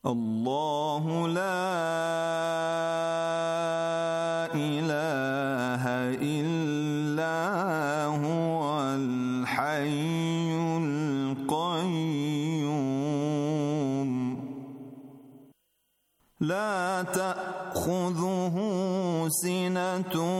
الله لا إله إلا هو الحي القيوم لا تأخذه سنة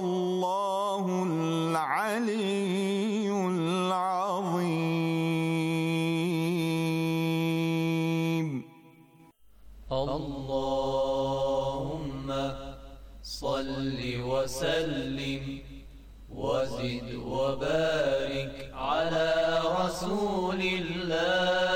الله العلي العظيم اللهم صل وسلم وزد وبارك على رسول الله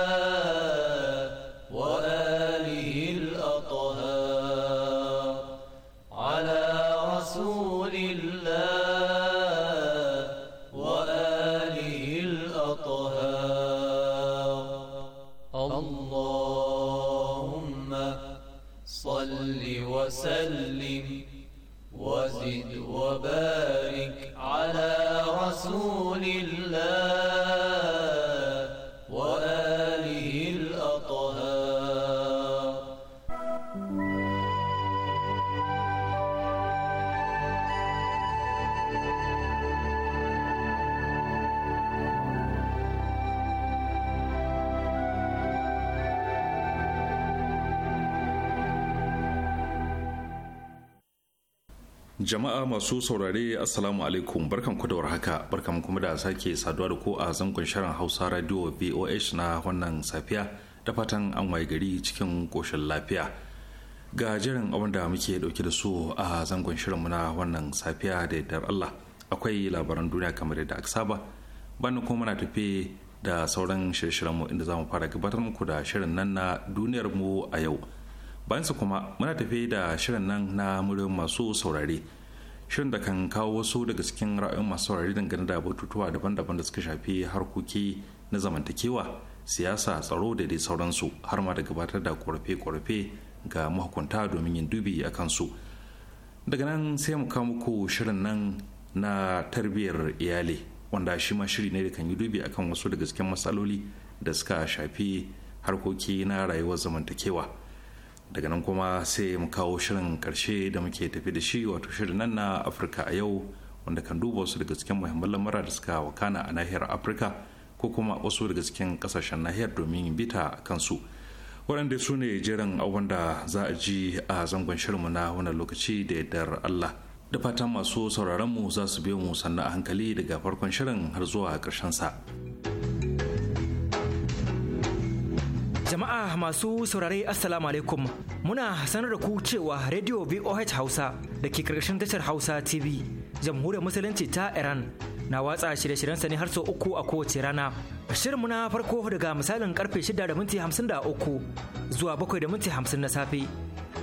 Jama'a masu saurare Assalamu alaikum barkan ku da warhaka barkan kuma da sake saduwa da ku a zangon shirin Hausa Radio VOH na wannan safiya da fatan an waye gari cikin koshin lafiya. Ga jiran abin da muke dauke da su a zangon shirinmu na wannan safiya da yardar Allah akwai labaran duniya kamar yadda aka saba bani kuma muna tafe da sauran shirye-shiryenmu inda za mu fara gabatar muku da shirin nan na duniyarmu a yau. bayan su kuma muna tafi da shirin nan na murin masu saurare shirin da kan kawo wasu daga cikin ra'ayin masu saurare dangane da batutuwa daban-daban da suka shafi harkoki na zamantakewa siyasa tsaro da dai sauransu har ma da gabatar da korafe-korafe ga mahukunta domin yin dubi a kansu daga nan sai mu kawo muku shirin nan na tarbiyyar iyali wanda shi ma shiri ne da kan yi dubi akan wasu daga cikin matsaloli da suka shafi harkoki na rayuwar zamantakewa daga nan kuma sai mu kawo shirin karshe da muke tafi da shi wato shirin nan na afirka a yau wanda kan duba wasu daga cikin muhimman lamura da suka wakana a nahiyar afirka ko kuma wasu daga cikin kasashen nahiyar domin bita kansu waɗanda su ne jiran abin da za a ji a zangon shirinmu na wannan lokaci da yardar allah da fatan masu sauraronmu za su biyo mu sannan a hankali daga farkon shirin har zuwa ƙarshen sa. Jama'a masu saurare Assalamu alaikum muna sanar da ku cewa Radio VOH Hausa da ke karkashin tashar Hausa TV jamhuriyar musulunci ta Iran na watsa shirye-shiryensa ne har sau uku a kowace rana. shirin muna farko daga misalin karfe 6 da minti 53 zuwa 7 da minti 50 na safe.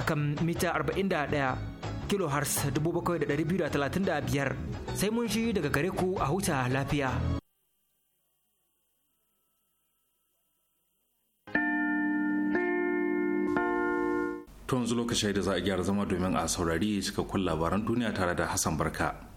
akan mita 41 kilohertz 7,235 sai mun shi daga gare ku a huta lafiya. To yanzu lokacin da za a gyara zama domin a saurari cikakkun labaran duniya tare da Hassan Barka.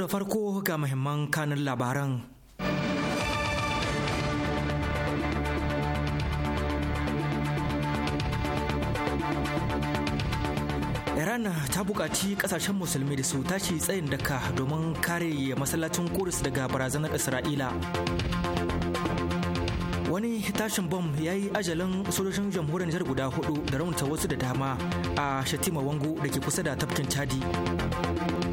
da farko ga muhimman kanin labaran. Iran ta buƙaci ƙasashen musulmi da su tashi tsayin daka domin kare masallacin Kudus daga barazanar Isra'ila. Wani tashin bom ya yi ajalin sojojin jamhuriyar Nijar guda hudu da raunta wasu da dama a Shatima Wango da ke kusa da tafkin Chadi.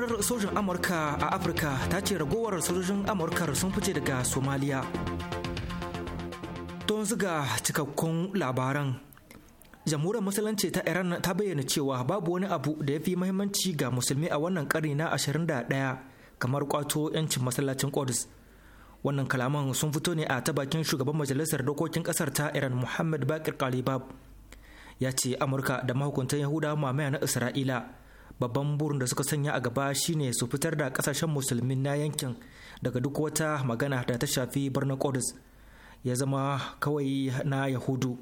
rundunar sojin amurka a afirka ta ce ragowar sojojin amurkar sun fice daga somaliya don ziga cikakkun labaran jamhuriyar musulunci ta iran ta bayyana cewa babu wani abu da ya fi mahimmanci ga musulmi a wannan karni na 21 kamar kwato 'yancin masallacin qudus wannan kalaman sun fito ne a ta shugaban majalisar dokokin kasar ta iran muhammad bakir kalibab ya ce amurka da mahukuntan Yahuda, mamaya na isra'ila babban burin da suka sanya a gaba shine su fitar da kasashen musulmi na yankin daga duk wata magana da ta shafi birnin Qudus ya zama kawai na yahudu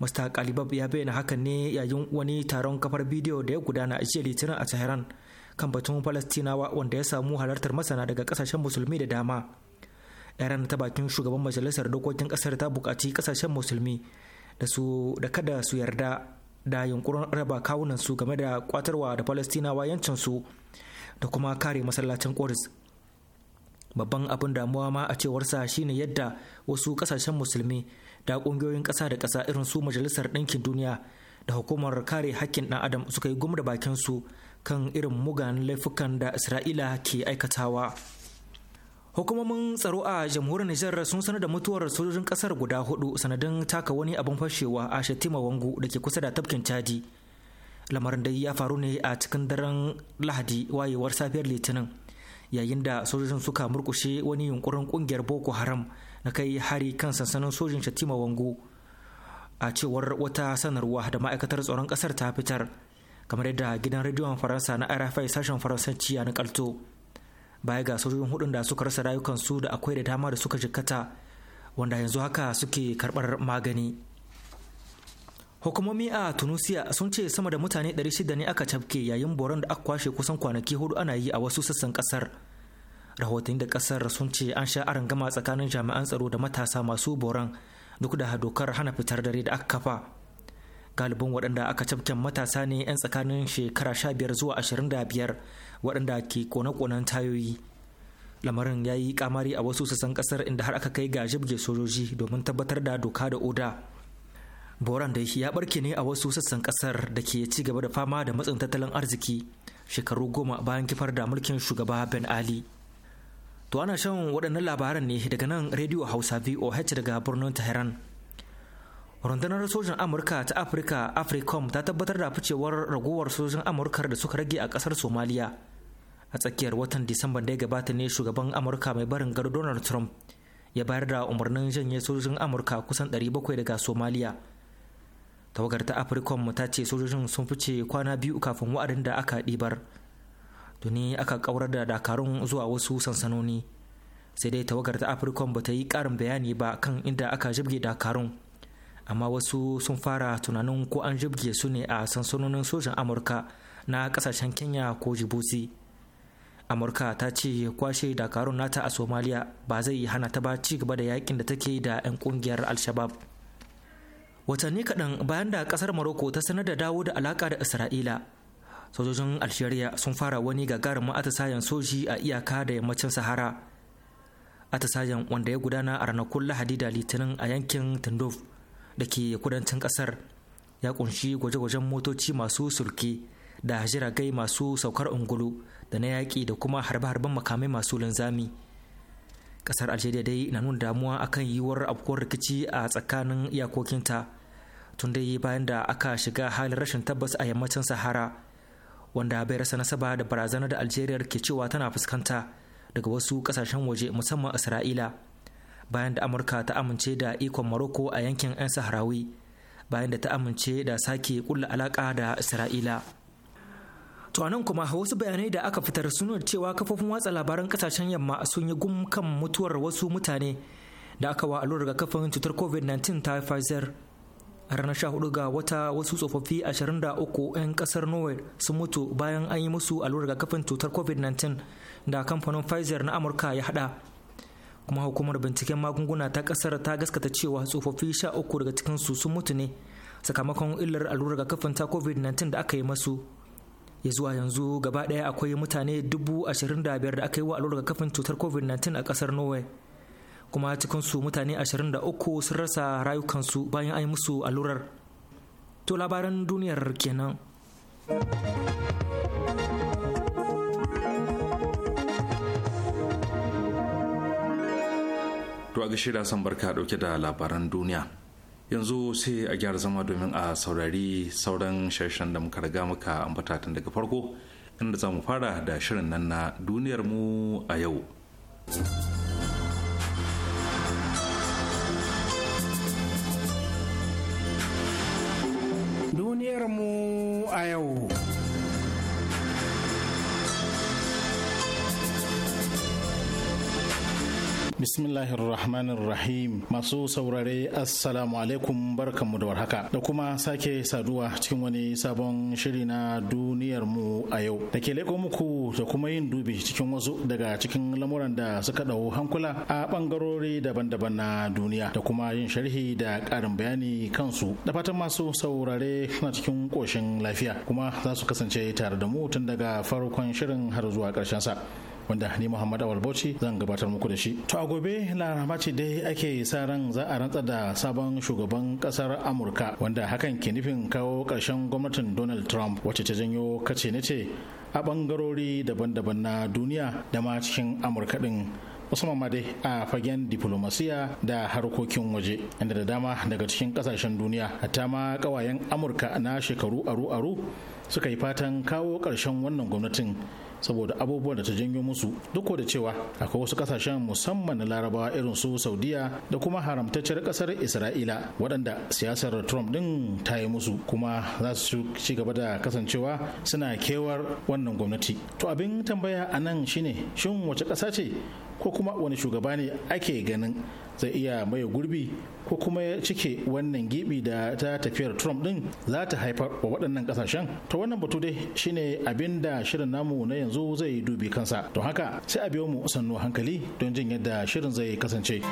Mr. Kalibab ya bayyana hakan ne yayin wani taron kafar bidiyo da ya gudana a jiya litinin a Tehran kan batun Falastinawa wanda ya samu halartar masana daga kasashen musulmi da dama. yaran ta bakin shugaban majalisar dokokin kasar ta bukaci kasashen musulmi da su da kada su yarda da yunkurin raba kawunan su game da kwatarwa da palestinawa yancin su da kuma kare masallacin Quds. Babban abin damuwa ma a cewarsa shine yadda wasu kasashen musulmi da ƙungiyoyin ƙasa da ƙasa irin su Majalisar Ɗinkin Duniya da hukumar kare hakkin ɗan adam suka yi gumda bakin su kan irin mugan laifukan da Isra'ila ke aikatawa. Hukumomin tsaro a jamhuriyar Nijar sun sanar da mutuwar sojojin kasar guda hudu sanadin taka wani abin fashewa a Shatima Wangu da ke kusa da tafkin Chadi. Lamarin dai ya faru ne a cikin daren Lahadi wayewar safiyar Litinin yayin da sojojin suka murkushe wani yunkurin kungiyar Boko Haram na kai hari kan sansanin sojin Shatima Wangu a cewar wata sanarwa da ma'aikatar tsaron kasar ta fitar kamar yadda gidan rediyon Faransa na RFI sashen Faransanci ya nakalto. baya ga sojojin hudun da suka rasa rayukansu da akwai da dama da suka jikkata wanda yanzu haka suke karbar magani hukumomi a tunisia sun ce sama da mutane 600 ne aka cafke yayin boron da aka kwashe kusan kwanaki hudu ana yi a wasu sassan kasar rahotanni da kasar sun ce an sha gama tsakanin jami'an tsaro da matasa masu boron duk da dokar hana fitar dare da aka kafa galibin waɗanda aka cafken matasa ne 'yan tsakanin shekara 15 zuwa 25 waɗanda ke kone-konen tayoyi lamarin ya yi kamari a wasu sassan kasar inda har aka kai ga jibge sojoji domin tabbatar da doka da oda boran da ya barke ne a wasu sassan kasar da ke ci gaba da fama da matsin tattalin arziki shekaru goma bayan kifar da mulkin shugaba ben ali to ana shan waɗannan labaran ne daga nan rediyo hausa voh daga birnin tehran rundunar sojin amurka ta afirka africom ta tabbatar da ficewar ragowar sojin amurkar da suka rage a kasar somaliya a tsakiyar watan disamba da ya gabata ne shugaban amurka mai barin gado donald trump ya bayar da umarnin janye sojojin amurka kusan 700 daga somaliya tawagar ta mu ta ce sojojin sun fice kwana biyu kafin wa'adin da aka ɗibar tuni aka kaurar da dakarun zuwa wasu sansanoni sai dai tawagar ta afirkom ba ta yi ƙarin bayani ba kan inda aka jibge dakarun amma wasu sun fara tunanin ko an jibge su ne a sansanonin sojin amurka na kasashen kenya ko jibuti amurka ta ce kwashe dakarun nata a somaliya ba zai hana ta ba ci gaba da yakin da take da 'yan kungiyar alshabab watanni kaɗan bayan da ƙasar maroko ta sanar da dawo da alaƙa da isra'ila sojojin algeria sun fara wani gagarumin atisayen soji a iyaka da yammacin sahara atisayen wanda ya gudana a ranakun lahadi da litinin a yankin tindouf da ke kudancin ƙasar ya kunshi gwaje-gwajen motoci masu sulki da jiragai masu saukar ungulu da na yaƙi da kuma harbe-harben makamai masu linzami Ƙasar algeria dai na nuna damuwa akan yiwuwar abubuwan rikici a tsakanin iyakokinta tun dai bayan da aka shiga halin rashin tabbas a yammacin sahara wanda bai rasa nasaba da barazanar da algeria ke cewa tana fuskanta daga wasu ƙasashen waje musamman isra'ila bayan da amurka ta amince da ikon morocco a yankin 'yan saharawi bayan da ta amince da sake kulla alaka da isra'ila To nan kuma wasu bayanai da aka fitar sunan cewa kafofin watsa labaran kasashen yamma sun yi gum kan mutuwar wasu mutane da aka wa allurar kafin cutar COVID-19 ta Pfizer. A ranar 14 ga wata wasu tsofaffi 23 'yan kasar Norway sun mutu bayan an yi musu ga kafin cutar COVID-19 da kamfanin Pfizer na Amurka ya hada. Kuma hukumar binciken magunguna ta kasar ta gaskata cewa tsofaffi sha uku daga cikinsu sun mutu ne sakamakon illar allurar kafin ta COVID-19 da aka yi masu. ya zuwa yanzu gaba ɗaya akwai mutane dubu ashirin da biyar da aka yi wa allurar kafin cutar covid-19 a ƙasar norway kuma cikinsu mutane ashirin da uku sun rasa rayukansu bayan an yi musu allurar to labaran duniyar kenan To a gashi da san barka dauke da labaran duniya. yanzu sai a gyara zama domin a saurari sauran sharshen da muka riga muka ambata tun daga farko inda za mu fara da shirin nan na duniyar mu a yau duniyar mu a yau bismillahirrahmanirrahim masu saurare assalamu alaikum barkanmu da warhaka da kuma sake saduwa cikin wani sabon shiri na duniyar mu a yau da ke leko muku da kuma yin dubi cikin wasu daga cikin lamuran da suka dau hankula a bangarori daban-daban na duniya da kuma yin sharhi da karin bayani kansu da fatan masu saurare na cikin koshin lafiya kuma za su kasance tare da mu tun daga farkon shirin har zuwa ƙarshen sa wanda ni Muhammad Awal Bauchi zan gabatar muku da shi. To a gobe laraba ce dai ake sa ran za a rantsa da sabon shugaban kasar Amurka wanda hakan ke nufin kawo ƙarshen gwamnatin Donald Trump wacce ta janyo kace na ce a bangarori daban-daban na duniya da ma cikin Amurka din. musamman ma dai a fagen diplomasiya da harkokin waje inda da dama daga cikin kasashen duniya hatta ma kawayen amurka na shekaru aru-aru suka yi fatan kawo ƙarshen wannan gwamnatin saboda abubuwan da ta janyo musu duk da cewa akwai wasu kasashen musamman na larabawa irin su saudiya da kuma haramtacciyar kasar isra'ila waɗanda siyasar trump din ta yi musu kuma za su ci gaba da kasancewa suna kewar wannan gwamnati to abin tambaya a nan shine shin wace ƙasa ce ko kuma wani shugaba ne ake ganin zai iya maye gurbi ko kuma ya cike wannan gibi da ta tafiyar trump din za ta haifar wa waɗannan ƙasashen to wannan batu dai shine abin da shirin namu na yanzu zai dubi kansa don haka sai a biyo mu sannu hankali don jin yadda shirin zai kasance.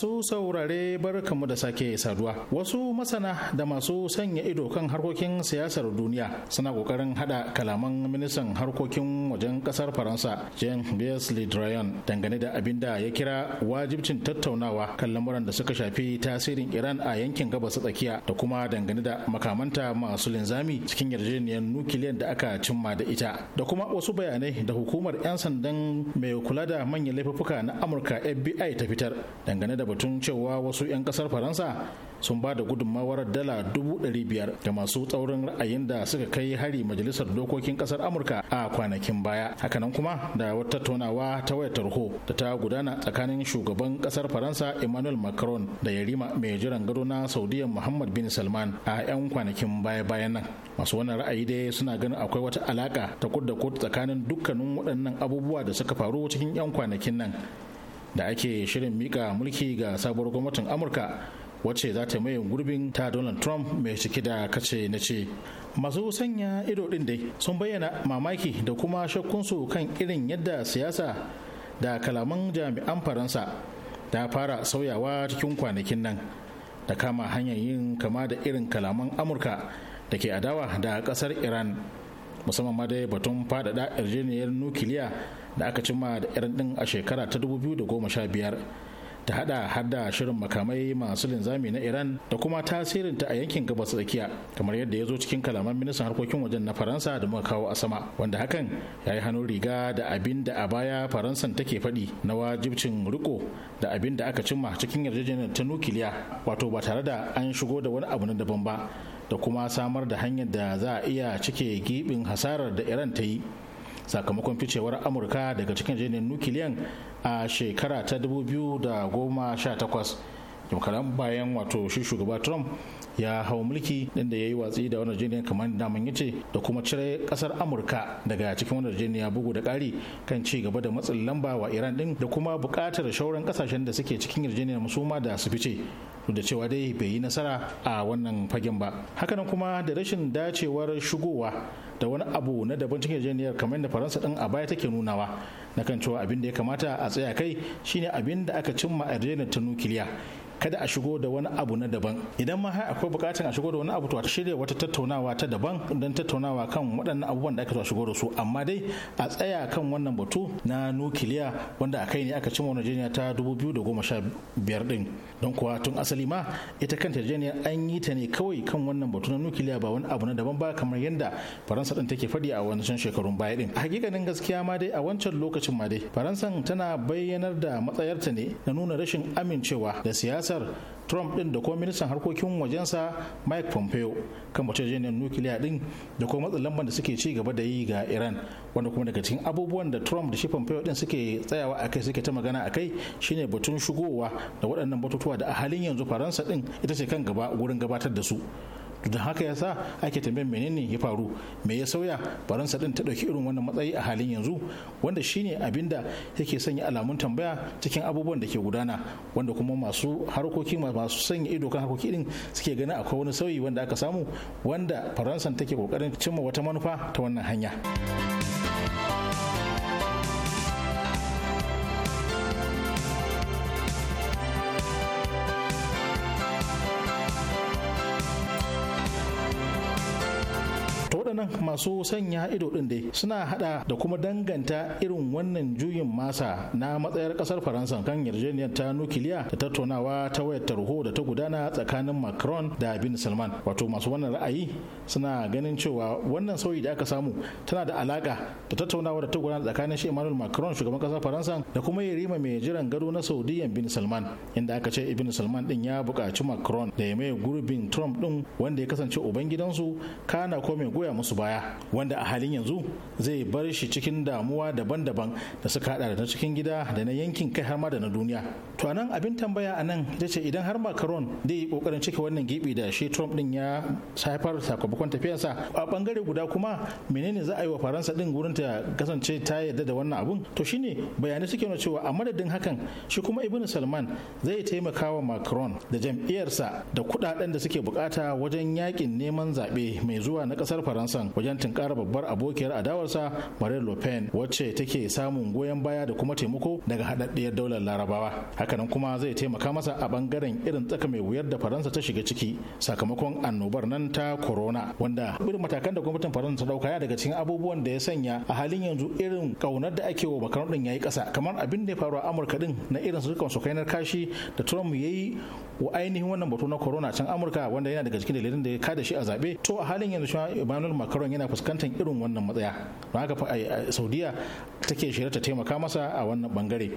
masu saurare barkamu da sake saduwa. Wasu masana da masu sanya ido kan harkokin siyasar duniya suna kokarin hada kalaman ministan harkokin wajen kasar Faransa Jean-Yves Le Drian dangane da abin da ya kira wajibcin tattaunawa kan lamuran da suka shafi tasirin Iran a yankin gabas tsakiya da kuma dangane da makamanta masu linzami cikin yarjejeniyar nukiliyan da aka cimma da ita da kuma wasu bayanai da hukumar 'yan sandan mai kula da manyan laifuka na Amurka FBI ta fitar dangane da batun cewa wasu 'yan kasar faransa sun ba da gudunmawar dala dubu ɗari biyar da masu tsaurin ra'ayin da suka kai hari majalisar dokokin kasar amurka a kwanakin baya hakanan kuma da wata tattaunawa ta wayar tarho da ta gudana tsakanin shugaban kasar faransa emmanuel macron da yarima mai jiran gado na saudiya muhammad bin salman a 'yan kwanakin baya bayan nan masu wannan ra'ayi dai suna ganin akwai wata alaka ta kud da tsakanin dukkanin waɗannan abubuwa da suka faru cikin 'yan kwanakin nan da ake shirin mika mulki ga sabuwar gwamnatin amurka wacce za ta gurbin ta donald trump mai cike da kace na ce masu sanya ido din dai sun bayyana mamaki da kuma shakkunsu kan irin yadda siyasa da kalaman jami'an faransa ta fara sauyawa cikin kwanakin nan da kama hanyar yin kama da irin kalaman amurka da ke adawa da kasar iran musamman ma dai batun fadada yarjejeniyar nukiliya da aka cimma da irin din a shekara ta 2015 ta hada har da shirin makamai masu linzami na iran da kuma tasirinta a yankin gabas tsakiya kamar yadda ya zo cikin kalaman ministan harkokin wajen na faransa da muka kawo a sama wanda hakan ya yi hannun riga da abin da a baya faransan take faɗi na wajibcin riko da abin da aka cimma cikin yarjejeniyar ta nukiliya wato ba tare da an shigo da wani abu na daban ba da kuma samar da hanyar da za a iya cike gibin hasarar da iran ta yi sakamakon ficewar amurka daga cikin jirgin nukiliyan a shekara ta 2018 jimkaran bayan wato shi shugaba trump ya hau mulki inda ya yi watsi da wani jirgin kamar daman yace da kuma cire kasar amurka daga cikin wani ya bugu da kari kan ci gaba da matsin lamba wa iran din da kuma bukatar shauran kasashen da suke cikin yarjejeniyar musuma da su fice da cewa dai bai yi nasara a wannan fagen ba hakanan kuma da rashin dacewar shigowa da wani abu na daban cikin yarjejeniyar kamar yadda faransa din a baya take nunawa na kan cewa abin da ya kamata a tsaya kai shine abin da aka cimma a yarjejeniyar ta nukiliya kada a shigo da wani abu na daban idan ma har akwai bukatan a shigo da wani abu to a shirya wata tattaunawa ta daban don tattaunawa kan waɗannan abubuwan da aka so a shigo da su amma dai a tsaya kan wannan batu na nukiliya wanda a kai ne aka cimma wani jiniya ta 2015 din don kuwa tun asali ma ita kan yarjejeniyar an yi ta ne kawai kan wannan batu na nukiliya ba wani abu na daban ba kamar yadda faransa din take fadi a wancan shekarun baya din a hakikanin gaskiya ma dai a wancan lokacin ma dai faransan tana bayyanar da matsayarta ne na nuna rashin amincewa da siyasar trump din da kuma ministan harkokin wajensa mike pompeo kan yarjejeniyar nukiliya din da kuma matsin lamban da suke ci gaba da yi ga iran wanda kuma daga cikin abubuwan da trump da shi pompeo din suke tsayawa a kai suke ta magana a kai shine batun shigowa da waɗannan batutuwa da a halin yanzu faransa din ita ce kan gaba wurin gabatar da su don haka ya sa ake tambayar menene ya faru me ya sauya faransa din ta dauki irin wannan matsayi a halin yanzu wanda shine abinda yake sanya alamun tambaya cikin abubuwan da ke gudana wanda kuma masu harkoki masu sanya ido kan harkoki din suke ganin akwai wani sauyi wanda aka samu wanda faransa take kokarin cimma wata manufa ta wannan hanya. masu sanya ido din dai suna hada da kuma danganta irin wannan juyin masa na matsayar kasar faransa kan yarjejeniyar ta nukiliya da tattaunawa ta wayar tarho da ta gudana tsakanin macron da bin salman wato masu wannan ra'ayi suna ganin cewa wannan sauyi da aka samu tana da alaka da tattaunawa da ta gudana tsakanin shi emmanuel macron shugaban kasar faransa da kuma yarima mai jiran gado na saudiya bin salman inda aka ce ibn salman din ya buƙaci macron da ya maye gurbin trump din wanda ya kasance ubangidansu kana ko mai goya musu baya wanda a halin yanzu zai bar shi cikin damuwa daban-daban da suka hada da na cikin gida da na yankin kai har ma da na duniya to anan abin tambaya anan ita ce idan har macron zai yi kokarin cike wannan gibi da shi trump din ya haifar sakamakon tafiyarsa a bangare guda kuma menene za a yi wa faransa din gurin ta kasance ta yarda da wannan abun to shine bayanai suke nuna cewa a madadin hakan shi kuma ibn salman zai taimaka wa macron da jam'iyyarsa da kudaden da suke bukata wajen yakin neman zaɓe mai zuwa na ƙasar faransa johnson wajen tunkara babbar abokiyar adawarsa marine le pen wacce take samun goyon baya da kuma taimako daga haɗaɗɗiyar daular larabawa hakanan kuma zai taimaka masa a bangaren irin tsaka mai wuyar da faransa ta shiga ciki sakamakon annobar nan ta corona wanda irin matakan da gwamnatin faransa ta ɗauka ya daga cikin abubuwan da ya sanya a halin yanzu irin ƙaunar da ake wa makaron ɗin ya yi ƙasa kamar abin da ya faru a amurka ɗin na irin su su kainar kashi da trump ya yi wa ainihin wannan batu na corona can amurka wanda yana daga cikin dalilin da ya kada shi a zaɓe to a halin yanzu shi emmanuel makaron yana fuskantar irin wannan matsaya don haka saudiya take shirya ta taimaka masa a wannan bangare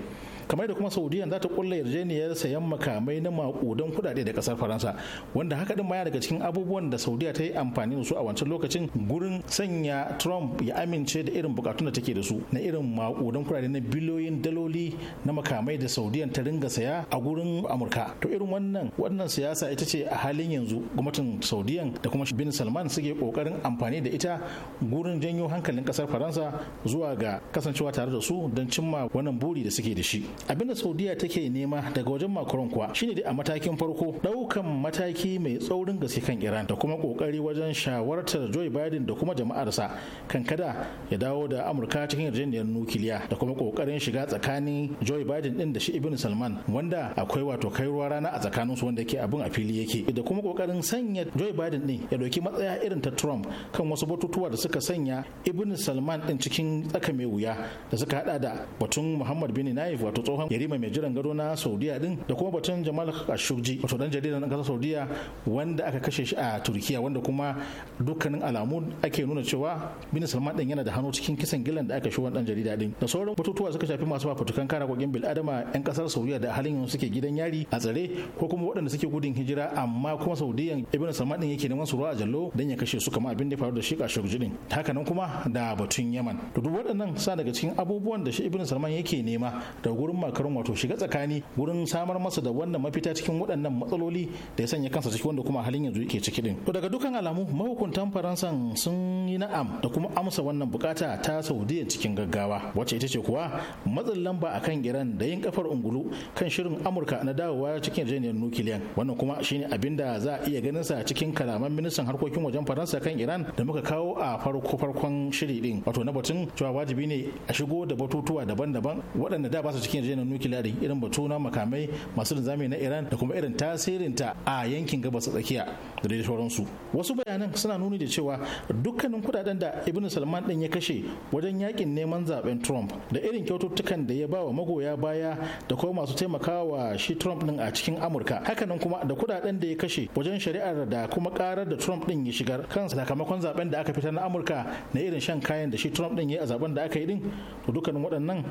kamar da kuma saudiya za ta kulla yarjejeniyar sayan makamai na makudan kudade da kasar faransa wanda haka din baya daga cikin abubuwan da saudiya ta yi amfani da su a wancan lokacin gurin sanya trump ya amince da irin bukatun da take da su na irin makudan kudade na biliyoyin daloli na makamai da saudiya ta ringa saya a gurin amurka to irin wannan wannan siyasa ita ce a halin yanzu gwamnatin saudiya da kuma bin salman suke kokarin amfani da ita gurin janyo hankalin kasar faransa zuwa ga kasancewa tare da su don cimma wannan buri da suke da shi abin abinda saudiya take nema daga wajen macron kuwa shine dai a matakin farko daukan mataki mai tsaurin gaske kan iran da kuma kokari wajen shawartar joe biden da kuma jama'arsa kan kada ya dawo da amurka cikin yarjejeniyar nukiliya da kuma kokarin shiga tsakanin joe biden din da shi ibn salman wanda akwai wato kai ruwa rana a tsakanin su wanda yake abin a fili yake da kuma kokarin sanya joe biden din ya dauki matsaya irin ta trump kan wasu batutuwa da suka sanya ibn salman din cikin tsaka mai wuya da suka hada da batun muhammad bin naif wato tsohon yarima mai jiran gado na saudiya din da kuma batun jamal khashoggi wato dan jarida na kasar saudiya wanda aka kashe shi a turkiya wanda kuma dukkanin alamu ake nuna cewa bin salman din yana da hannu cikin kisan gillan da aka shi wannan jarida din da sauran batutuwa suka shafi masu fafutukan kara kogin bil adama yan kasar saudiya da halin yanzu suke gidan yari a tsare ko kuma waɗanda suke gudun hijira amma kuma saudiyan ibn salman din yake neman su ruwa a jallo dan ya kashe su kamar abin da ya faru shi kashe din hakanan kuma da batun yaman da duk waɗannan sa daga cikin abubuwan da shi ibn salman yake nema da gurin makarin wato shiga tsakani gurin samar masa da wannan mafita cikin waɗannan matsaloli da ya sanya kansa ciki wanda kuma halin yanzu yake ciki din to daga dukkan alamu mahukuntan faransan sun yi na'am da kuma amsa wannan bukata ta saudiya cikin gaggawa wacce ita ce kuwa matsin lamba akan iran da yin kafar ungulu kan shirin amurka na dawowa cikin yarjejeniyar nukiliyan wannan kuma shine abin da za a iya ganin sa cikin kalaman ministan harkokin wajen faransa kan iran da muka kawo a farko farkon shiri din wato na batun cewa wajibi ne a shigo da batutuwa daban-daban waɗanda da ba su cikin yarjejeniyar nukiliya da irin batu na makamai masu linzami na Iran da kuma irin tasirin ta a yankin gabas tsakiya da dai sauransu wasu bayanan suna nuni da cewa dukkanin kudaden da Ibn Salman din ya kashe wajen yakin neman zaben Trump da irin kyaututtukan da ya ba wa magoya baya da kuma masu taimakawa shi Trump din a cikin Amurka hakanan kuma da kudaden da ya kashe wajen shari'ar da kuma karar da Trump din ya shigar kan sakamakon zaben zaben da aka fitar na amurka na irin shan kayan da shi trump din ya a zaben da aka yi din to dukkanin waɗannan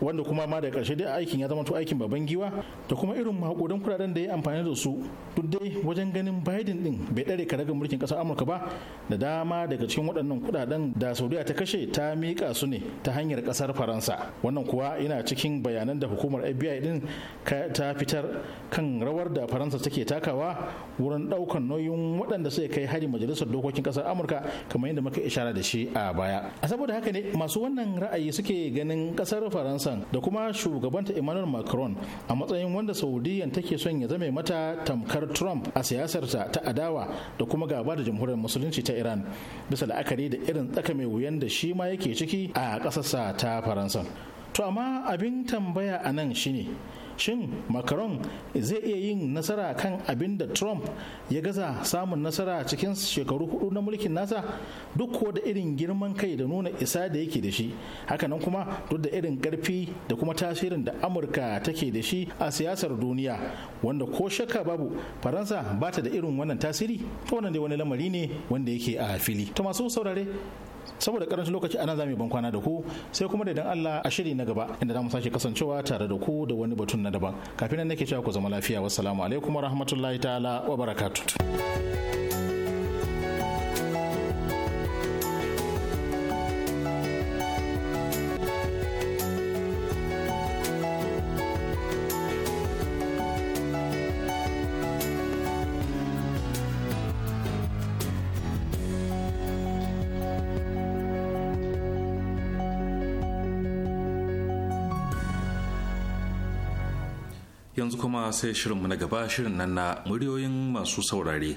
wanda kuma ma da karshe dai aikin ya zama to aikin baban giwa da kuma irin maƙudan kudaden da ya amfani da su duk dai wajen ganin Biden din bai dare karagar mulkin kasar Amurka ba da dama daga cikin waɗannan kudaden da Saudiya ta kashe ta miƙa su ne ta hanyar ƙasar Faransa wannan kuwa yana cikin bayanan da hukumar FBI din ta fitar kan rawar da Faransa take takawa wurin ɗaukar nauyin waɗanda suka kai hari majalisar dokokin kasar Amurka kamar yadda muka ishara da shi a baya a saboda haka ne masu wannan ra'ayi suke ganin ƙasar Faransa Hassan da kuma shugabanta Emmanuel Macron a matsayin wanda Saudiyan take son ya zame mata tamkar Trump a siyasarta ta adawa da kuma gaba da jamhuriyar musulunci ta Iran bisa la'akari da irin tsaka mai wuyan da shi ma yake ciki a ƙasarsa ta Faransa. To amma abin tambaya a nan shine shin macron zai iya yin nasara kan abin da trump ya gaza samun nasara cikin shekaru hudu na mulkin nasa duk ko da irin girman kai da nuna isa da yake da shi hakanan kuma duk da irin karfi da kuma tasirin da amurka take da shi a siyasar duniya wanda ko shakka babu faransa bata da irin wannan tasiri wannan dai wani lamari ne wanda yake a fili to masu saurare saboda karancin lokaci ana zamu ban kwana da ku sai kuma da idan Allah a shiri na gaba inda zamu sake kasancewa tare da ku da wani batun na daban kafin nan nake cewa ku zama lafiya wassalamu alaikum warahmatullahi ta'ala wa barakatuh yanzu kuma sai shirinmu na gaba shirin nan na muryoyin masu saurare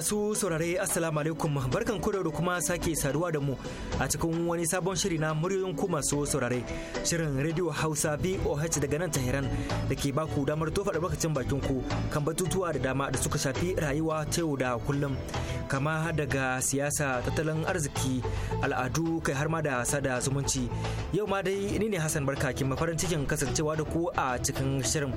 masu saurare assalamu alaikum barkan ku da kuma sake saduwa da mu a cikin wani sabon shiri na muryoyin ku masu saurare shirin radio hausa boh daga nan tahiran da ke baku damar tofa da bakacin bakin ku kan batutuwa da dama da suka shafi rayuwa ta yau da kullum kama daga siyasa tattalin arziki al'adu kai har ma da sada zumunci yau ma dai ni ne hassan barka kin farin cikin kasancewa da ku a cikin shirin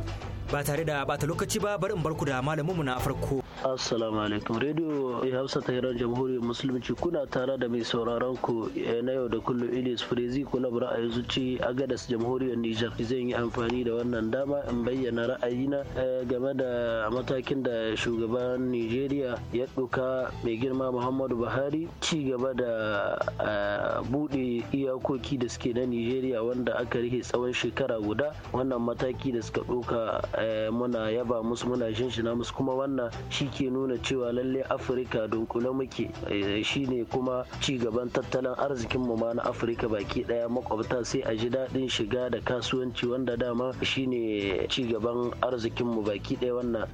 ba tare da bata lokaci ba bari in barku da malaminmu na farko. Assalamu alaikum Radio Hausa ta Hirar Jamhuriyar Musulunci kuna tare da mai sauraron ku eh, na yau da kullum Ilis Frezi ku na a yanzu ce a gadas Jamhuriyar Nijar. Zan yi amfani da wannan dama in bayyana ra'ayina eh, game da matakin da shugaban Nijeriya ya ɗauka mai girma Muhammadu Buhari ci gaba da eh, buɗe iyakoki da suke na Nijeriya wanda aka rihe tsawon shekara guda wannan mataki da suka ɗauka Eh, muna yaba musu muna shinshina musu kuma wannan shi ke nuna cewa lalle afirka dunkule muke eh, shi ne kuma ci gaban tattalin arzikin mu ma na afirka baki daya makwabta sai a ji daɗin shiga da kasuwanci wanda dama shine ci gaban arzikin mu baki daya wannan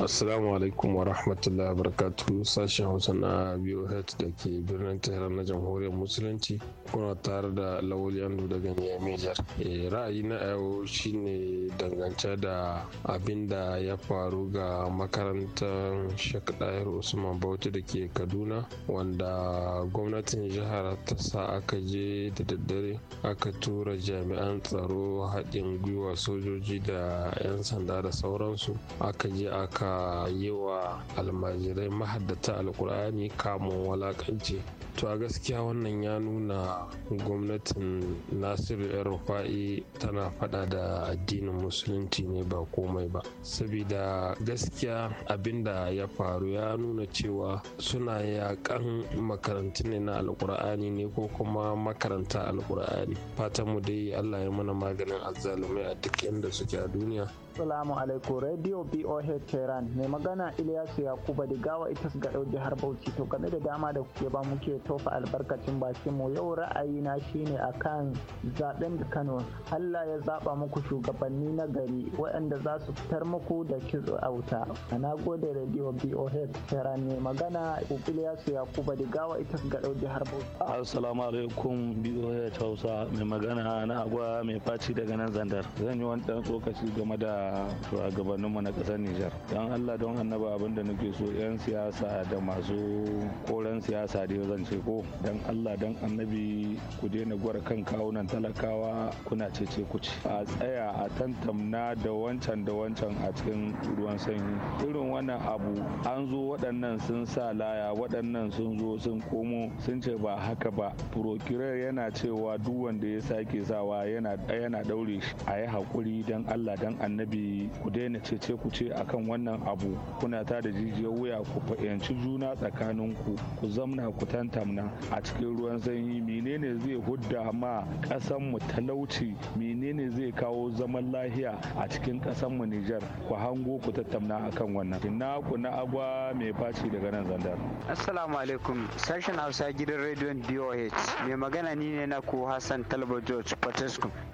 Assalamu alaikum wa rahmatullahi wa barakatuhu sashen Hausa na BioHealth da ke birnin Tehran na Jamhuriyar Musulunci kuna tare da Lawal Yandu daga Nijar. Eh, ra'ayi na yau shine dangance da abin da ya faru ga makarantar Sheikh Usman Bauchi da ke Kaduna wanda gwamnatin jihar ta sa aka je da daddare aka tura jami'an tsaro haɗin gwiwa sojoji da 'yan sanda da sauransu aka je aka ana yi wa almajirai mahaddata alkur'ani kamun walakanci to a gaskiya wannan ya nuna gwamnatin nasiru yan rufa'i tana fada da addinin musulunci ne ba komai ba saboda gaskiya abinda ya faru ya nuna cewa suna yakan makarantun ne na alkur'ani ne ko kuma makaranta alkur'ani fatan mu dai allah ya mana maganin azzalumai a duk inda suke a duniya Assalamu alaikum Radio BOH Tehran mai magana Ilyasu Yakuba da gawa ita ga ɗau jihar Bauchi to game da dama da kuke ba muke tofa albarkacin bakin mu yau ra'ayi na shine akan zaben da Kano Allah ya zaba muku shugabanni na gari waɗanda za su fitar muku da kitso a wuta. Na gode Radio BOH Tehran mai magana Ilyasu Yakuba da gawa ita ga ɗau jihar Bauchi. Assalamu alaikum BOH Hausa mai magana na agwa mai faci daga nan Zandar. Zan yi wani ɗan tsokaci game da a shugabanninmu na ƙasar Nijar. Don Allah don annaba abin nake so 'yan siyasa da masu koren siyasa da ya zance ko oh, don Allah don annabi ku daina gwar kan kawunan talakawa kuna cece ku ci. A tsaya a tantamna da wancan da wancan a cikin ruwan sanyi. Irin wannan abu an zo waɗannan sun sa laya waɗannan sun zo sun komo sun ce ba haka ba. Prokirar yana cewa duk wanda ya sake sawa yana ɗaure shi a yi haƙuri don Allah don annabi bi ku daina cece ku ce akan wannan abu kuna ta da jijiyar wuya ku fahimci juna tsakanin ku ku zamna ku tantamna a cikin ruwan sanyi menene zai hudda ma ƙasan mu talauci menene zai kawo zaman lahiya a cikin ƙasan mu Nijar ku hango ku tattauna akan wannan ina ku na agwa mai faci daga nan zandar assalamu alaikum sashen Hausa gidan rediyon BOH mai magana ni ne na ku Hassan Talba George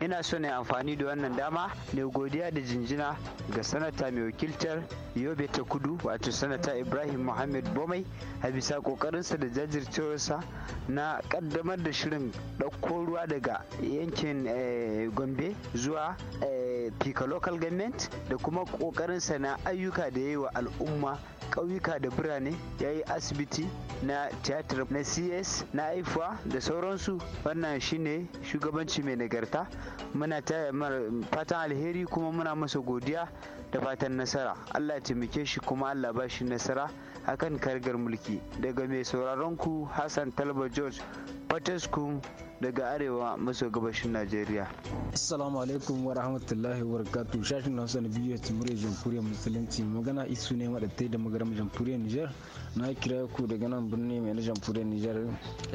ina so ne amfani da wannan dama ne godiya da jinjin jinjina ga sanata mai wakiltar yobe ta kudu wato sanata ibrahim muhammad bomai a bisa kokarinsa da jajircewarsa na kaddamar da shirin ɗauko ruwa daga yankin eh, gombe zuwa eh, pika local government da kuma kokarinsa na ayyuka da ya yi wa al'umma ƙauyuka da birane ya yi asibiti na tiyatar na cs na haifuwa da sauransu wannan shine shugabanci mai nagarta muna fatan alheri kuma muna masa masa godiya da fatan nasara allah ya taimake shi kuma allah ba shi nasara akan kargar mulki daga mai sauraron ku Hassan Talba George Patescum daga arewa maso gabashin Najeriya. Assalamu alaikum wa rahmatullahi wa barakatuh. Shashin na na biyu ta murya jamhuriyar musulunci magana isu ne maɗatai da magaram jamhuriyar Nijar. Na kira ku daga nan birni mai na jamhuriyar Nijar.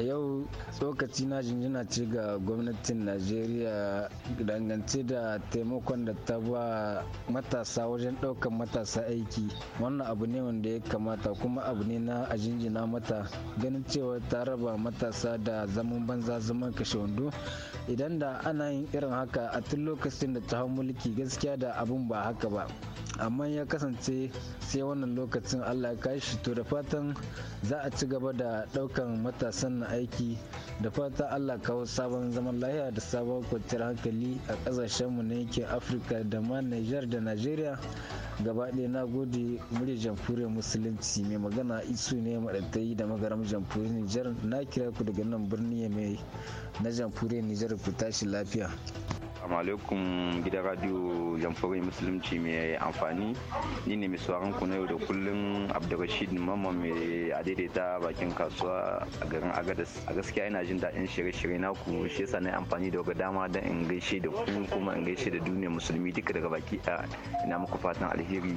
yau tsokaci na jinjina ce ga gwamnatin Najeriya dangance da taimakon da ta ba matasa wajen ɗaukar matasa aiki. Wannan abu ne wanda ya kamata kuma abu ne na a jinjina mata ganin cewa ta raba matasa da zaman banza zaman kashe wando idan da ana yin irin haka a tun lokacin da ta hau mulki gaskiya da abun ba haka ba amma ya kasance sai wannan lokacin allah ya shi to da fatan za a ci gaba da daukan matasan na aiki da fata allah kawo sabon zaman lahiya da sabon kwanciyar hankali a kasashenmu na yankin afirka da ma niger da nigeria gaba ɗaya na gode murya jamhuriyar musulunci mai magana isu ne maɗaɗai da magaram jamhuriyar nijar na kira ku daga nan birni mai na jamhuriyar nijar ku tashi lafiya assalamu alaikum gidan radio jamforin musulunci mai amfani ni ne mai ku na yau da kullum abdurrashid mamma mai adaidaita bakin kasuwa a garin agadas a gaskiya ina jin daɗin shirye-shirye na ku shi yasa na amfani da wata dama don in gaishe da ku kuma in gaishe da duniyar musulmi duka daga baki a ina muku fatan alheri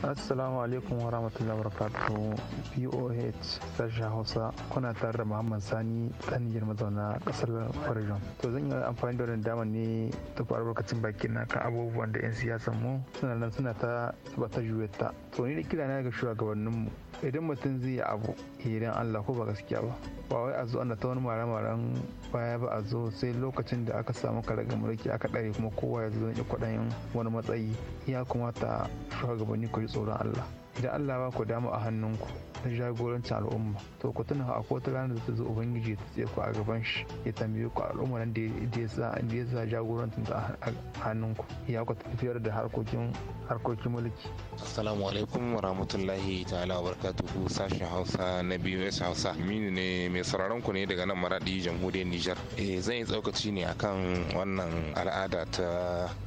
assalamu alaikum wa rahmatullahi wa barakatu boh sashen hausa kuna tare da muhammad sani dan girma zauna kasar kwarijon to zan yi amfani da wannan dama ne ta albarkacin baki na kan abubuwan da yan siyasan mu suna nan suna ta ba ta to ni da kira na ga mu idan mutum zai yi abu idan Allah ko ba gaskiya ba ba wai a zo ana ta wani mara-maran baya ba a zo sai lokacin da aka samu karagar mulki aka ɗare kuma kowa ya zo ne kwaɗayin wani matsayi ya kamata shugabanni ku yi tsoron Allah idan Allah ba ku damu a hannunku na jagorancin al'umma to ku tuna a kotu ranar da ta zo ubangiji ta tsaye ku a gaban shi ya tambaye ku al'umma nan da ya sa jagorancin ta a hannunku ya ku tafiyar da harkokin harkokin mulki assalamu alaikum wa rahmatullahi ta'ala wa barakatuhu sashen hausa na bos hausa mini ne mai sauraron ku ne daga nan maradi jamhuriyar nijar eh zan yi tsaukaci ne akan wannan al'ada ta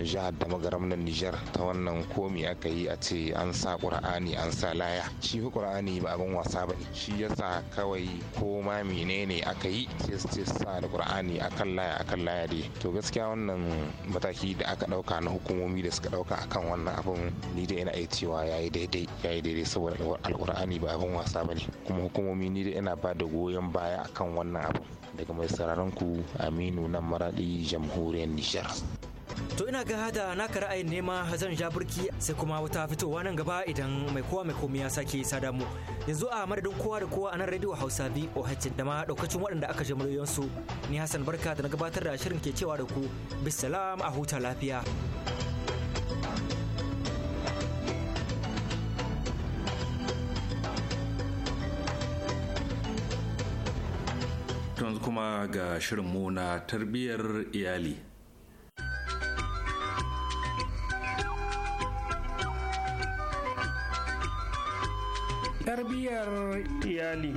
jihar da magaram na nijar ta wannan komi aka yi a ce an sa qur'ani an sa laya shi qur'ani ba abin wasa ba shi ya sa kawai ko ma menene aka yi sai su ce sa akan laya akan laya dai to gaskiya wannan mataki da aka ɗauka na hukumomi da suka dauka akan wannan abun ni dai ina iya cewa yayi daidai yayi daidai saboda alqur'ani ba abun wasa ba ne kuma hukumomi ni dai ina ba da goyon baya akan wannan abun daga mai sararin ku Aminu nan maraɗi jamhuriyar Nijar To ina ga hada ka ra'ayin nema zan ja burki sai kuma wata fitowa nan gaba idan mai kowa mai komai ya sake sada mu. Yanzu a madadin kowa da kowa a nan radio Hausa bi VOH da ma daukacin waɗanda aka ji su ni Hassan Barka da na gabatar da shirin ke cewa da ku bisalam a huta lafiya. yanzu kuma ga shirin mu na tarbiyyar iyali tarbiyyar iyali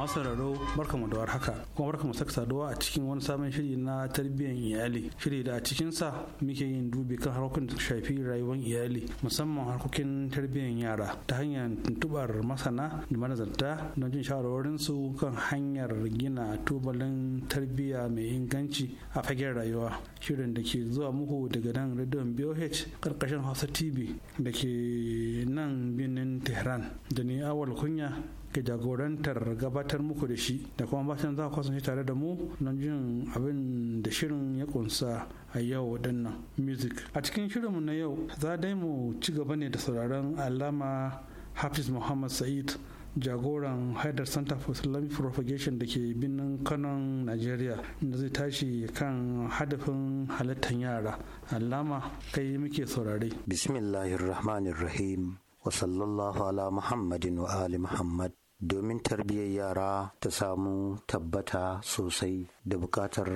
masu sauraro mu da haka kuma barka mu saka saduwa a cikin wani sabon shiri na tarbiyyar iyali shiri da a cikin sa muke yin dubi kan harkokin da shafi rayuwar iyali musamman harkokin tarbiyyar yara ta hanyar tuntubar masana da manazarta don jin shawarwarinsu kan hanyar gina tubalin tarbiyya mai inganci a fagen rayuwa shirin da ke zuwa muku daga nan rediyon boh karkashin hausa tv da ke nan birnin tehran da ni awal kunya ke jagorantar gabatar muku da shi da kuma fatan za ku kasance tare da mu don jin abin da shirin ya kunsa a yau waɗannan music a cikin shirin mu na yau za dai mu ci gaba ne da sauraron alama hafiz muhammad sa'id jagoran haidar center for islamic propagation da ke birnin kanon Najeriya, da zai tashi kan hadafin halittar yara alama kai muke saurare bismillahirrahmanirrahim wa sallallahu ala muhammadin wa ali muhammad domin tarbiyyar yara ta samu tabbata sosai da bukatar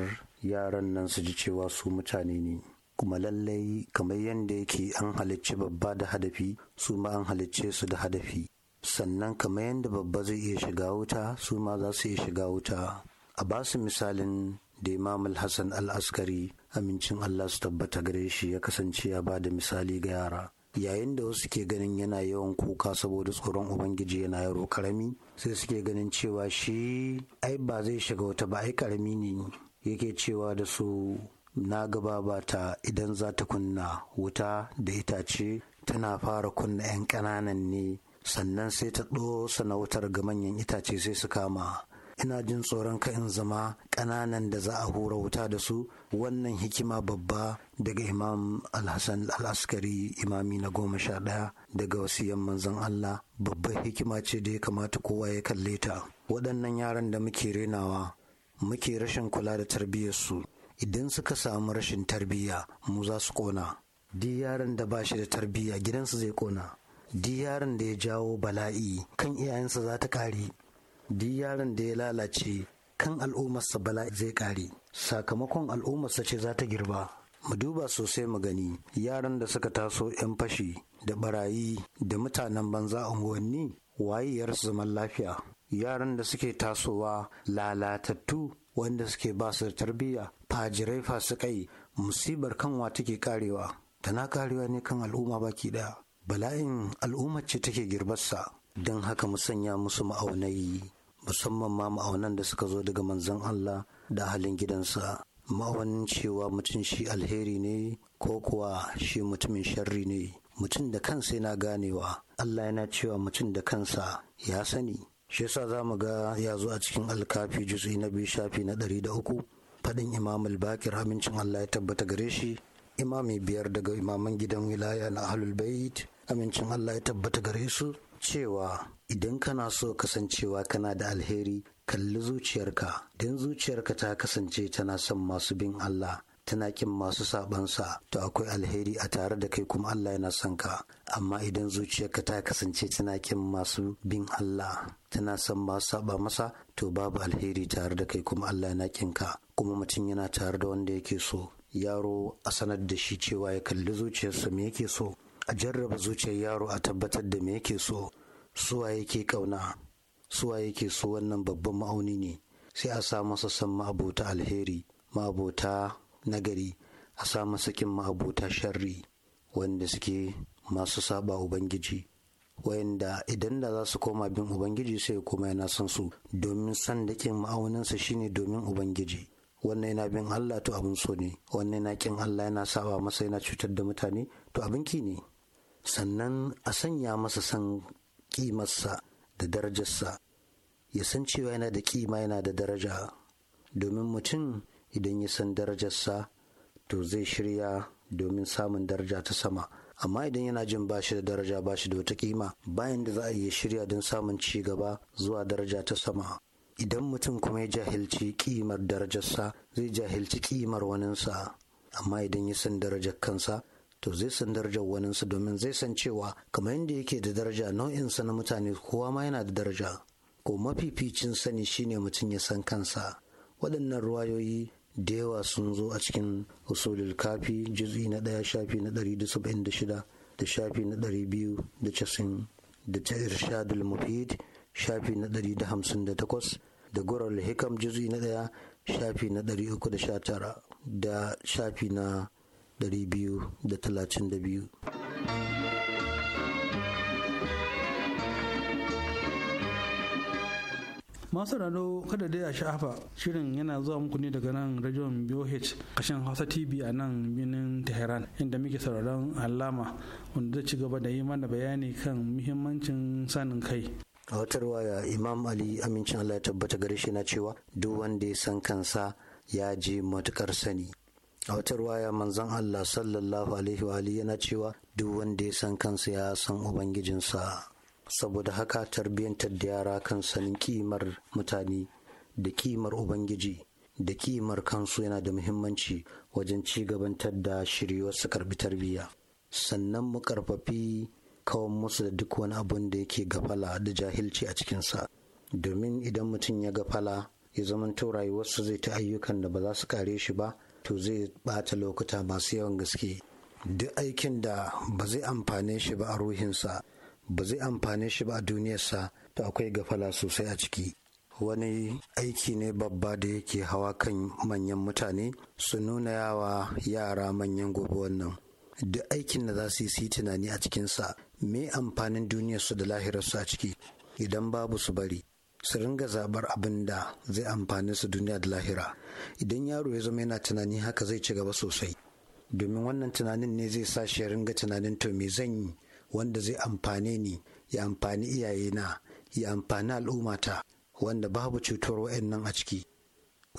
yaran nan su ji cewa su mutane ne kuma lallai kamar yadda yake an halicci babba da hadafi su ma an halicce su da hadafi sannan kamar yadda babba zai iya shiga wuta su ma za su iya shiga wuta a basu misalin da imamul hassan al-askari amincin allah su tabbata gare shi ya kasance ya ba da misali ga yara yayin da wasu ke ganin yana yawan kuka saboda tsoron ubangiji yana yaro karami sai suke ganin cewa shi ai ba zai shiga wata ba ai karami ne yake cewa da su na gaba ba ta idan za ta kunna wuta da itace tana fara kunna 'yan ƙananan ne sannan sai ta ɗosa na wutar ga manyan itace sai su kama ina jin tsoron ka in zama ƙananan da za a hura wuta da su wannan hikima babba daga imam alhassan al'askari imami na goma sha ɗaya daga wasiyan manzon allah babbar hikima ce da ya kamata kowa ya kalle ta waɗannan yaran da muke renawa muke rashin kula da tarbiyyarsu idan suka samu rashin tarbiyya mu za su kona di yaron da ba shi da tarbiyya gidansu zai kona di yaron da ya jawo bala'i kan iyayensa za ta kare duk yaron da ya lalace kan al'ummarsa bala zai ƙare sakamakon al'ummarsa ce za ta girba mu duba sosai mu gani yaran da suka taso 'yan fashi da barayi da mutanen banza unguwanni wayiyar zaman lafiya yaran da suke tasowa lalatattu wanda suke ba su tarbiyya fajirai fasikai musibar kanwa take karewa tana karewa ne kan al'umma baki daya bala'in al'ummar ce take girbarsa don haka mu sanya musu ma'aunai musamman ma ma'aunan da suka zo daga manzon Allah da halin gidansa ma'aunin cewa mutum shi alheri ne ko kuwa shi mutumin sharri ne mutum da kansa yana ganewa Allah yana cewa mutum da kansa ya sani shi yasa za mu ga ya zo a cikin alkafi juz'i na biyu shafi na ɗari da uku faɗin imam baƙir amincin Allah ya tabbata gare shi imami biyar daga imaman gidan wilaya na ahlul bait amincin Allah ya tabbata gare su cewa idan kana so kasancewa kana da alheri kalli zuciyarka don zuciyarka ta kasance tana son masu bin Allah tana kin masu sabansa to akwai alheri a tare da kai kuma Allah yana son ka amma idan zuciyarka ta kasance tana kin masu bin Allah tana son masu saba masa to babu alheri tare da kai kuma Allah yana kin ka kuma mutum yana tare da wanda yake so yaro a sanar da shi cewa ya kalli zuciyarsa me yake so a jarraba zuciyar yaro a tabbatar da me yake so suwa yake kauna suwa yake so wannan babban ma'auni ne sai a sa masa san ma'abota alheri ma'abota nagari a sa masa kin ma'abota sharri wanda suke masu saba ubangiji wayanda idan da za su koma bin ubangiji sai kuma yana son su domin san da kin ma'auninsa shine domin ubangiji wannan yana bin allah to abin so ne wannan yana kin allah yana saba masa yana cutar da mutane to abin ki ne sannan a sanya masa san kimarsa da darajarsa ya san cewa yana da kima yana da daraja domin mutum idan ya san darajarsa to zai shirya domin samun daraja ta sama amma idan yana jin ba shi da daraja ba shi da wata kima bayan da za a iya shirya don samun ci gaba zuwa daraja ta sama idan mutum kuma ya jahilci kimar darajarsa zai jahilci kimar waninsa amma idan ya san darajar kansa to zai san darajar waninsa domin zai san cewa kamar yadda yake da daraja nau'insa na mutane kowa ma yana da daraja ko mafificin sani shine mutum ya san kansa waɗannan ruwayoyi da yawa sun zo a cikin usulul kafi juz'i na ɗaya shafi na ɗari da saba'in da shida da shafi na ɗari biyu da casin da ta irshadul mufid shafi na ɗari da hamsin da takwas da gurar hikam juz'i na ɗaya shafi na ɗari uku da sha tara da shafi na masu rado kada dai a sha'afa shirin yana zuwa muku ne daga nan rajon boh kashin hausa tv a nan birnin teheran inda muke sauraron alama wanda zai ci gaba da yi mana bayani kan muhimmancin sanin kai a wata waya imam ali amincin allah ya tabbata gare shi na cewa duk wanda ya san kansa ya je matukar sani a wata ruwaya manzon Allah sallallahu alaihi wa yana cewa duk wanda ya san kansa ya san ubangijinsa saboda haka tarbiyyantar da yara kan sanin kimar mutane da kimar ubangiji da kimar kansu yana da muhimmanci wajen ci gabantar da shiryuwar su karbi tarbiyya sannan mu karfafi kawan musu da duk wani abun da yake gafala da jahilci a cikinsa domin idan mutum ya gafala ya zamanto rayuwarsa zai ta ayyukan da ba za su kare shi ba to zai bata lokuta masu yawan gaske duk aikin da ba zai amfane shi ba a ruhinsa ba zai amfane shi ba a duniyarsa to akwai gafala sosai a ciki wani aiki ne babba da yake hawa kan manyan mutane su nuna yawa yara manyan gobe wannan duk aikin da za su yi tunani a cikinsa me amfanin duniyarsu da lahirarsu a ciki idan babu su bari su ringa zabar abin da zai amfani su duniya da lahira idan yaro ya zama yana tunani haka zai ci gaba sosai domin wannan tunanin ne zai sa shi ya ringa tunanin to me zan yi wanda zai amfane ni ya amfani iyayena ya amfani al'ummata wanda babu cutar wa'annan a ciki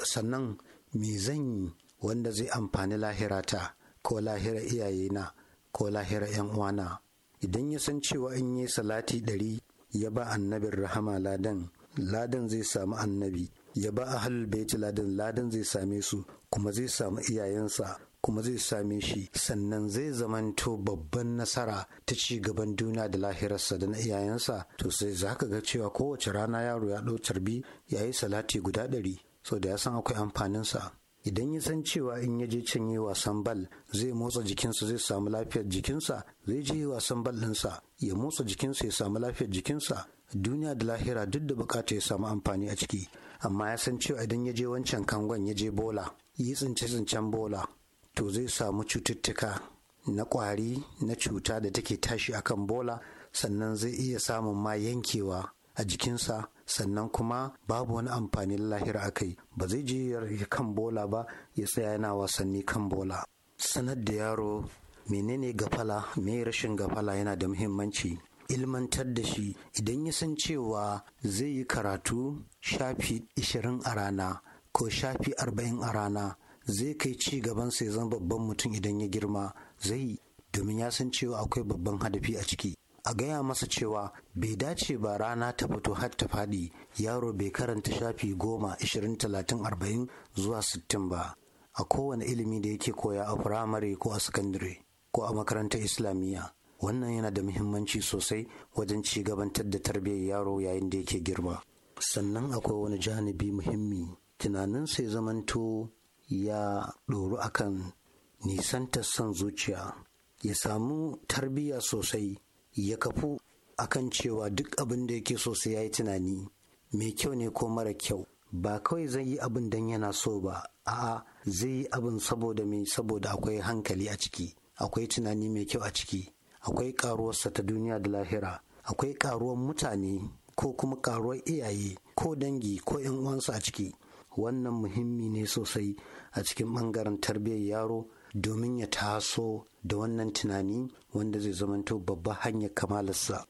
sannan me zan yi wanda zai amfani lahirata ko lahira iyayena ko lahira yan uwana idan ya san cewa in yi salati ɗari ya ba annabin rahama ladan ladan zai samu annabi ya ba a bai baiti ladan ladan zai same su kuma zai samu iyayensa kuma zai same shi sannan zai zamanto babban nasara ta ci gaban duniya da lahirarsa da na iyayensa to sai za ka ga cewa kowace rana yaro ya ɗau tarbi ya yi salati guda ɗari so da ya san akwai amfaninsa idan ya san cewa in ya je can yi wasan bal zai motsa jikinsa zai samu lafiyar jikinsa zai je yi wasan bal ɗinsa ya motsa jikinsa ya samu lafiyar jikinsa duniya da lahira duk da bukata ya samu amfani a ciki amma ya san cewa idan ya je wancan kangon ya je bola yi tsince-tsincen bola to zai samu cututtuka na ƙwari na cuta da take tashi akan bola sannan zai iya samun ma yankewa a jikinsa sannan kuma babu wani amfanin lahira a kai ba zai je ya kan bola ba ya tsaya yana wasanni kan bola sanar da yaro menene gafala me rashin gafala yana da muhimmanci ilmantar da shi idan ya san cewa zai yi karatu shafi ishirin a rana ko shafi arba'in a rana zai kai ci gaban sai zan babban mutum idan ya girma zai yi domin ya san cewa akwai babban hadafi a ciki a gaya masa cewa bai dace ba rana ta fito har ta faɗi yaro bai karanta shafi goma ishirin talatin arba'in zuwa sittin ba a kowane ilimi da yake koya a firamare ko a sakandare ko a makarantar islamiyya wannan yana da muhimmanci sosai wajen ci gabantar da tarbiyyar yaro yayin da yake girma sannan akwai wani janibi muhimmi Tunanin sai zamanto ya ɗoru akan nisantar son zuciya ya samu tarbiyya sosai ya kafu akan cewa duk abin da yake so sai ya yi tunani mai kyau ne ko mara kyau ba kawai zai yi abin don yana so ba a'a zai yi abin saboda mai saboda akwai hankali a ciki akwai tunani mai kyau a ciki akwai karuwarsa ta duniya da lahira akwai karuwar mutane ko kuma karuwar iyaye ko dangi ko yan uwansu a ciki wannan muhimmi ne sosai a cikin bangaren tarbiyyar yaro domin ya taso da wannan tunani wanda zai zamanto babba hanyar kamalarsa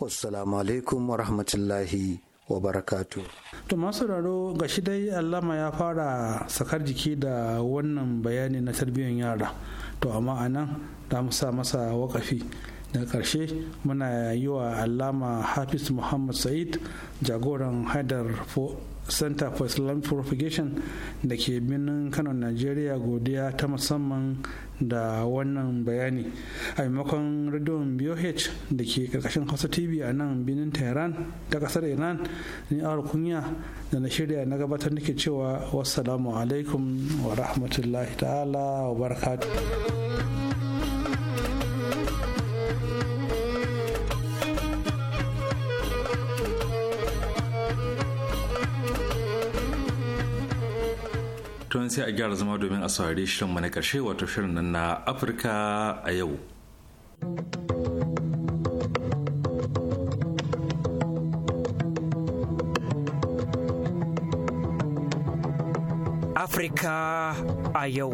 wassalamu alaikum wa rahmatullahi wa barakatu. To masu raro ga shi dai Allama ya fara sakar jiki da wannan bayani na tarbiyyar yara. to amma a nan mu sa masa wakafi daga ƙarshe muna yi wa alama hafiz muhammad sa'id jagoran haidar center for islamic propagation da ke birnin kano nigeria godiya ta musamman da wannan bayani a maimakon rediyon boh da ke karkashin hausa tv a nan birnin tehran ta kasar iran ni awar kunya da na shirya na gabatar nake cewa wassalamu alaikum wa rahmatullahi ta'ala wa barakatuh sai a gyara zama domin a saurari shirinmu na karshe wato shirin nan na afirka a yau afirka a yau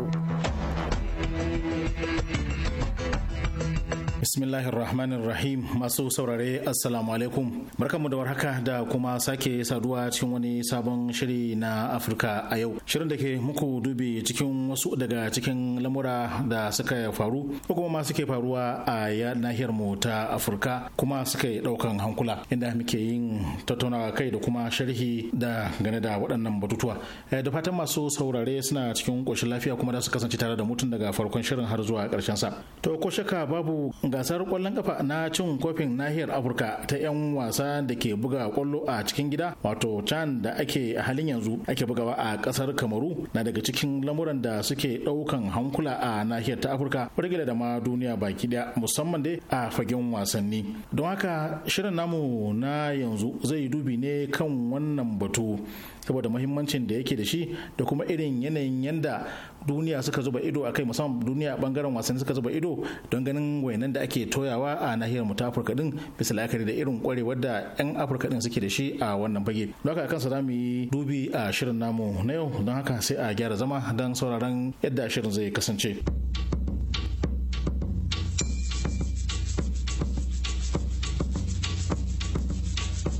Bismillahir Rahmanir Rahim masu saurare Assalamu alaikum. mu da warhaka da kuma sake saduwa cikin wani sabon shiri na Afirka a yau. Shirin da ke muku dubi cikin wasu daga cikin lamura da suka faru ko kuma ma suke faruwa a nahiyar mu ta Afirka kuma suka daukan hankula inda muke yin tattaunawa kai da kuma sharhi da gane da waɗannan batutuwa. Eh, da fatan masu saurare suna cikin koshin lafiya kuma da su kasance tare da mutum daga farkon shirin har zuwa ƙarshen sa. To ko shaka babu gasar kwallon kafa na cin kofin nahiyar afirka ta 'yan wasa da ke buga kwallo a cikin gida wato can da ake a halin yanzu ake bugawa a kasar kamaru na daga cikin lamuran da suke daukan hankula a nahiyar ta afirka rigila da ma duniya baki daya musamman dai a fagen wasanni don haka shirin namu na yanzu zai dubi ne kan wannan batu saboda muhimmancin da yake da shi da kuma irin yanayin yanda duniya suka zuba ido a kai musamman duniya bangaren wasanni suka zuba ido don ganin wayannan da ake toyawa a nahiyar mu ta afirka din bisa la'akari da irin kwarewar da yan afirka din suke da shi a wannan fage don haka kansa za mu yi dubi a shirin namu na yau don haka sai a gyara zama don sauraron yadda shirin zai kasance.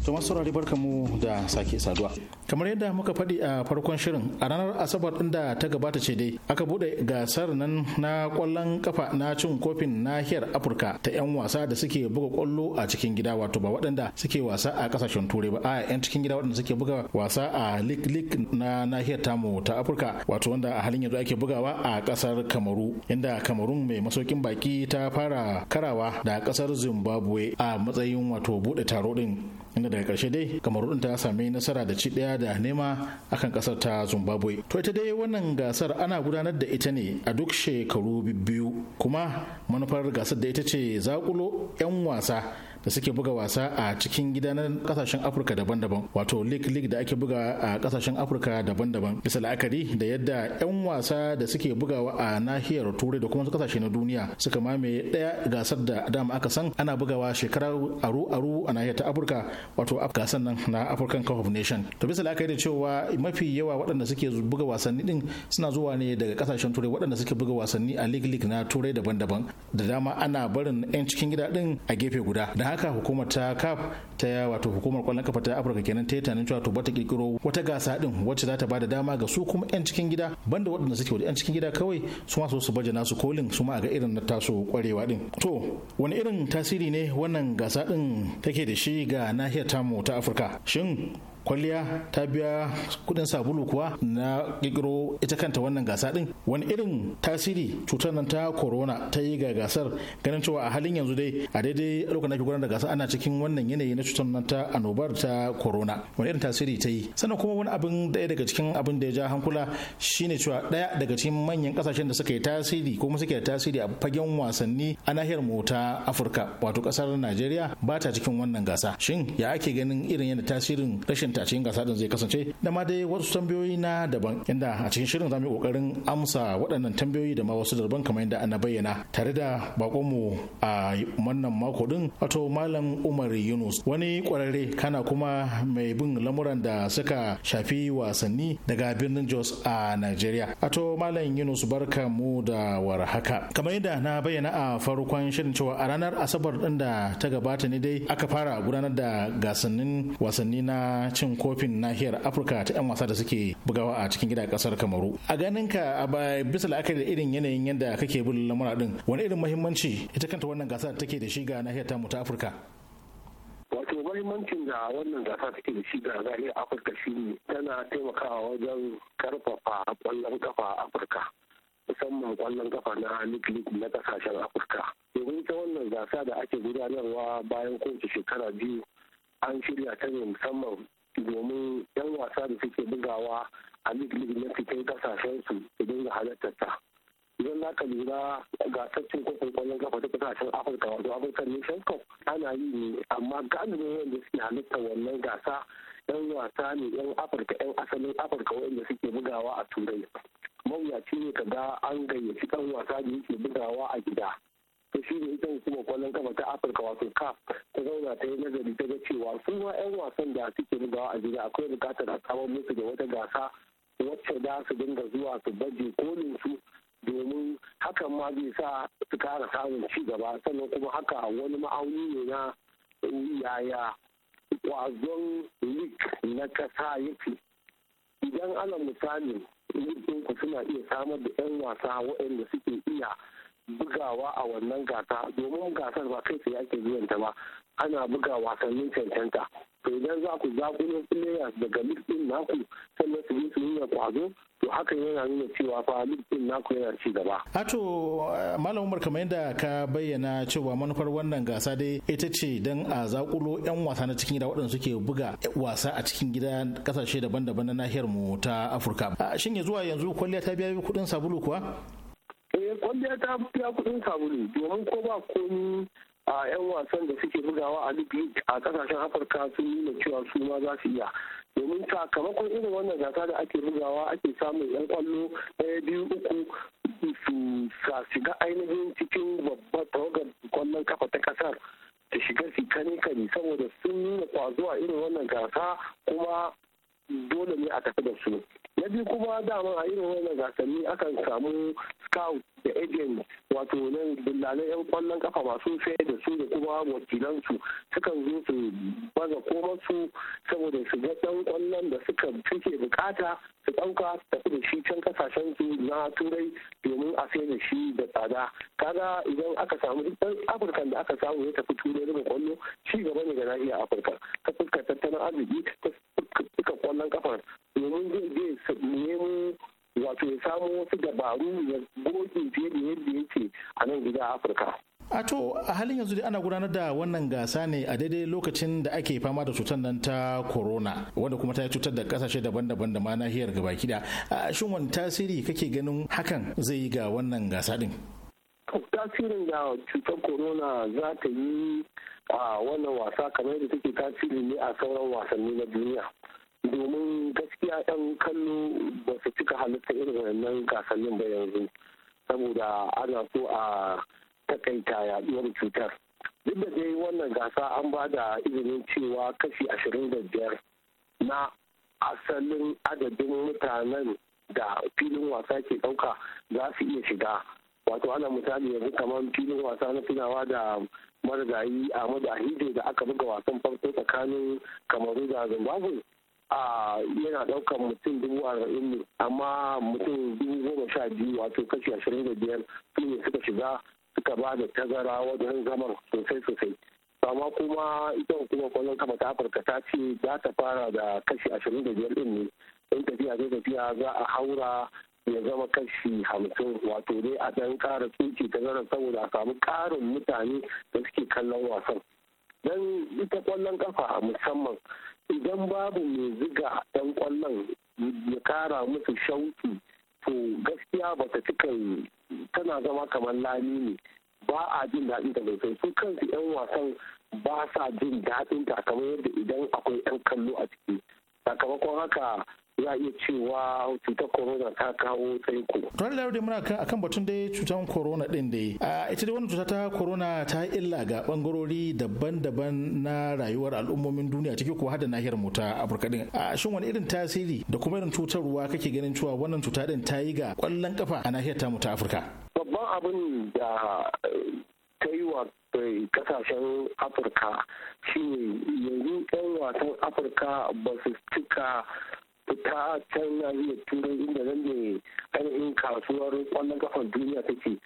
to masu saurari barkamu da sake saduwa kamar yadda muka faɗi a farkon shirin a ranar asabar ɗin da ta gabata ce dai aka buɗe gasar nan na ƙwallon kafa na cin kofin nahiyar afirka ta 'yan wasa da suke buga ƙwallo a cikin gida wato ba waɗanda suke wasa a ƙasashen turai ba a 'yan cikin gida waɗanda suke buga wasa a liklik lik na nahiyar tamu ta afirka wato wanda a halin yanzu ake bugawa a ƙasar kamaru inda kamarun mai masaukin baki ta fara karawa da ƙasar zimbabwe a matsayin wato buɗe taro ɗin inda daga ƙarshe dai kamaru ɗin ta sami nasara da ci ɗaya da nema akan kasar ta zimbabwe to ita dai wannan gasar ana gudanar da ita ne a duk shekaru biyu kuma manufar gasar da ita ce zakulo 'yan wasa da suke buga wasa a cikin gida kasashen afirka daban-daban wato league league da ake buga a kasashen afirka daban-daban bisa la'akari da yadda 'yan wasa da suke bugawa a nahiyar turai da kuma kasashe na duniya suka mamaye daya gasar da dama aka san ana bugawa shekara aru-aru a nahiyar ta afirka wato gasar nan na african cup of nation to bisa la'akari da cewa mafi yawa waɗanda suke buga wasanni din suna zuwa ne daga kasashen turai waɗanda suke buga wasanni a league league na turai daban-daban da dama ana barin 'yan cikin gida din a gefe guda da haka hukumar ta kaf ta wato hukumar kwallon kafa ta Afirka kenan ta yi cewa to bata kirkiro wata gasa din wacce za ta bada dama ga su kuma yan cikin gida banda waɗanda suke waje yan cikin gida kawai su ma so su baje nasu kolin su ma a ga irin na taso kwarewa din to wani irin tasiri ne wannan gasa din take da shi ga nahiyar tamu ta Afirka shin kwalliya ta biya kudin sabulu kuwa na kikiro ita kanta wannan gasa din wani irin tasiri cutar nan ta corona ta yi ga gasar ganin cewa a halin yanzu dai a daidai lokacin da ke gudanar da gasa ana cikin wannan yanayi na cutar nan ta annobar ta corona wani irin tasiri ta yi sannan kuma wani abin daya daga cikin abin da ya ja hankula shine cewa daya daga cikin manyan kasashen da suka yi tasiri ko kuma suke tasiri a fagen wasanni a nahiyar mu ta Afirka wato kasar Najeriya ba ta cikin wannan gasa shin ya ake ganin irin yadda tasirin rashin a cikin gasa din zai kasance da ma dai wasu tambayoyi na daban inda a cikin shirin zamu yi kokarin amsa waɗannan tambayoyi da ma wasu daban kamar yadda ana bayyana tare da bakonmu a wannan mako din wato malam Umar Yunus wani kwararre kana kuma mai bin lamuran da suka shafi wasanni daga birnin Jos a nigeria. ato malam Yunus barka mu da warhaka kamar yadda na bayyana a farkon shirin cewa a ranar Asabar din da ta gabata ne dai aka fara gudanar da gasannin wasanni na cin cin kofin nahiyar afirka ta 'yan wasa da suke bugawa a cikin gida kasar kamaru a ganin ka a bisa la'akari da irin yanayin yadda kake bin lamura din wani irin mahimmanci ita kanta wannan gasar take da shi ga nahiyar tamu ta afirka wato mahimmancin da wannan gasa take da shi ga zaliyar afirka shine tana taimakawa wajen karfafa kwallon kafa a afirka musamman kwallon kafa na league na kasashen afirka domin ta wannan gasa da ake gudanarwa bayan kowace shekara biyu an shirya ta ne musamman domin 'yan wasa da suke bugawa a lig na fitar kasashen su su dinga halartar ta idan za ka lura gasar cin kofin kwallon kafa ta kasashen afirka wato african nation shanko ana yi ne amma galibin wanda suke halittar wannan gasa yan wasa ne yan afirka yan asalin afirka wanda suke bugawa a turai mawuyaci ne ka ga an gayyaci ɗan wasa da yake bugawa a gida to shi ne ita hukumar kwallon kafa ta afirka wato ka ta zauna ta yi nazari ta ga cewa su ma 'yan wasan da suke bugawa a gida akwai bukatar a samar musu da wata gasa wacce da su dinga zuwa su baje kolin su domin hakan ma zai sa su kara samun ci gaba sannan kuma haka wani ma'auni ne na yaya kwazon lik na kasa yake idan ana misali ku suna iya samar da 'yan wasa waɗanda suke iya bugawa a wannan gasa domin gasar ba kai tsaye ake biyan ta ba ana buga wasannin cancanta to idan za ku zakulo players daga league din naku sannan su yi su nuna kwazo to hakan yana nuna cewa fa league din naku yana ci gaba ato eh, malam umar kamar yadda ka bayyana cewa manufar wannan gasa dai ita ce dan a zakulo yan wasa na cikin gida waɗanda suke buga wasa a cikin gida kasashe daban-daban na nahiyar mu ta afirka ah, shin ya zuwa yanzu kwalliya ta biya kuɗin sabulu kuwa eh kwalliya ta biya kuɗin sabulu domin ko ba komi a 'yan wasan da suke bugawa a libi a kasashen afirka sun nuna cewa su ma za su iya domin sakamakon irin wannan gasa da ake bugawa ake samun 'yan kwallo daya biyu uku su shiga ainihin cikin babbar tawagar kwallon kafa ta kasar ta shiga su kane kane saboda sun nuna kwazo a irin wannan gasa kuma dole ne a tafi da su na biyu kuma dama a irin wannan gasanni akan samu scout da agent wato nan dillalan yan kwallon kafa masu sai da su da kuma wakilansu sukan zo su baza komarsu saboda su ga dan kwallon da suka suke bukata su ɗauka su tafi da shi can kasashen su na turai domin a sai da shi da tsada kaga idan aka samu duk ɗan afirka da aka samu ya tafi turai daga kwallo ci gaba ne ga nahiya afirka ta fuskar tattalin arziki ta fuskar kwallon kafa domin zai je nemo wato ya samu wasu dabaru ya goge fiye da yadda yake a nan gida afirka a to a halin yanzu dai ana gudanar da wannan gasa ne a daidai lokacin da ake fama da cutar nan ta corona wanda kuma ta yi cutar da kasashe daban-daban da ma nahiyar kida a shin wani tasiri kake ganin hakan zai yi ga wannan gasa din tasirin da cutar corona za ta yi a wannan wasa kamar yadda take tasiri ne a sauran wasanni na duniya domin gaskiya 'yan kallo ba su cika halitta irin wannan gasannin ba yanzu saboda ana so a takaita yaduwar cutar duk da dai wannan gasa an ba da izinin cewa kashi ashirin da biyar na asalin adadin mutanen da filin wasa ke ɗauka za su iya shiga wato ana misali yanzu kamar filin wasa na tunawa da marigayi ahmadu ahide da aka buga wasan farko tsakanin kamaru da zimbabwe a yana daukan mutum dubu arba'in ne amma mutum dubu goma sha biyu wato kashi ashirin da biyar su ne suka shiga suka ba da tazara wajen zaman sosai sosai amma kuma ita hukumar kwallon kafa ta afirka ta ce za ta fara da kashi ashirin da biyar din ne in tafiya zai tafiya za a haura ya zama kashi hamsin wato dai a ɗan ƙara ta zara saboda a samu ƙarin mutane da suke kallon wasan dan ita kwallon kafa musamman idan babu mai ziga dan kwallon ya kara musu shauki to gaskiya ba ta cika tana zama kamar lami ne ba a jin daɗin ta sosai su kansu 'yan wasan ba sa jin daɗin ta kamar yadda idan akwai 'yan kallo a ciki sakamakon haka za a iya cewa cutar corona ta kawo tsaiko. Tuwar da muna kan akan batun dai cutar corona din dai. A ita dai wannan cuta ta corona ta yi illa ga bangarori daban-daban na rayuwar al'ummomin duniya ciki kuwa har da nahiyar mu ta Afirka din. A shin wani irin tasiri da kuma irin cutarwa kake ganin cewa wannan cuta din ta yi ga kwallon kafa a nahiyar mu ta Afirka? Babban abin da ta yi wa kasashen eh, afirka shine yanzu 'yan wasan afirka ba su cika ta can nahiyar turai inda nan ne ainihin kasuwar kwallon kafan duniya take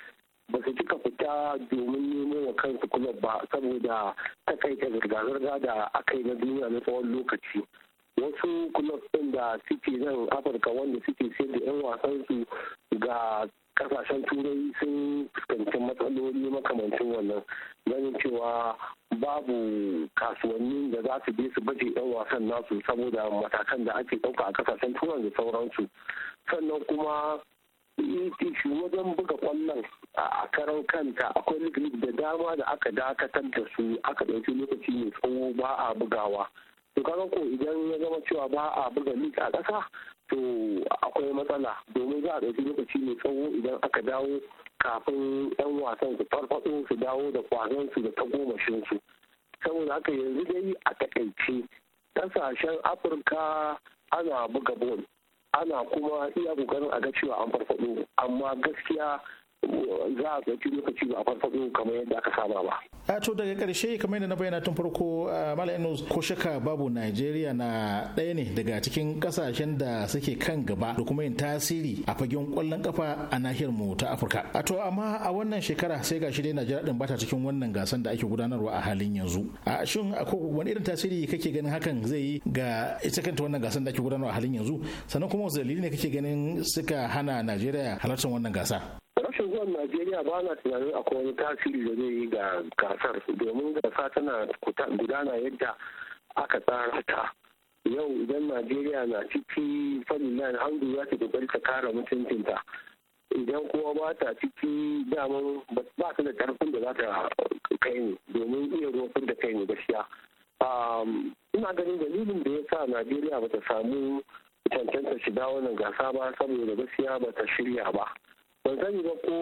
ba su cika fita domin nemo wa kansu kuma ba saboda ta takaita zirga-zirga da aka yi na duniya na tsawon lokaci wasu kuma ɗin da suke zan afirka wanda suke sayar da 'yan wasansu ga kasashen turai sun fuskanci matsaloli makamancin wannan ganin cewa babu kasuwanni da za su je su baje yan wasan nasu saboda matakan da ake ɗauka a kasashen turai da sauransu sannan kuma shi e wajen buga kwallon a karan kanta akwai lig da dama da aka dakatar da su aka ɗauki lokaci mai tsawo ba a bugawa to kaga ko idan ya zama cewa ba a buga lig a ƙasa to akwai matsala domin za a ɗauki lokaci mai tsawo idan aka dawo kafin 'yan wasan su farfaɗo su dawo da su da su saboda haka yanzu dai a takaice ƙasashen afirka ana buga bol ana kuma iya kokarin a ga cewa an farfaɗo amma gaskiya za a ɗauki lokaci ba a farfaɗo kamar yadda aka saba ba. a to daga ƙarshe kamar yadda na bayyana tun farko malam ko shaka babu najeriya na ɗaya ne daga cikin ƙasashen da suke kan gaba da kuma yin tasiri a fagen ƙwallon kafa a nahiyar mu ta afirka a to amma a wannan shekara sai ga shi dai najeriya ɗin bata cikin wannan gasan da ake gudanarwa a halin yanzu a shin wani irin tasiri kake ganin hakan zai yi ga ita kanta wannan gasan da ake gudanarwa a halin yanzu sannan kuma wasu dalili ne kake ganin suka hana najeriya halartar wannan gasa zuwan najeriya ba na tunanin akwai wani tasiri da zai yi ga gasar domin gasa tana gudana yadda aka tsara ta yau idan najeriya na ciki nan hamdu za ta kokari ta kara mutuncinta idan kuma ba ta ciki daman ba ta da karfin da za ta kai ne domin iya rofin da kai ne gaskiya ina ganin dalilin da ya sa najeriya ba ta samu cancanta shiga wannan gasa ba saboda gaskiya ba ta shirya ba ban sani ba ko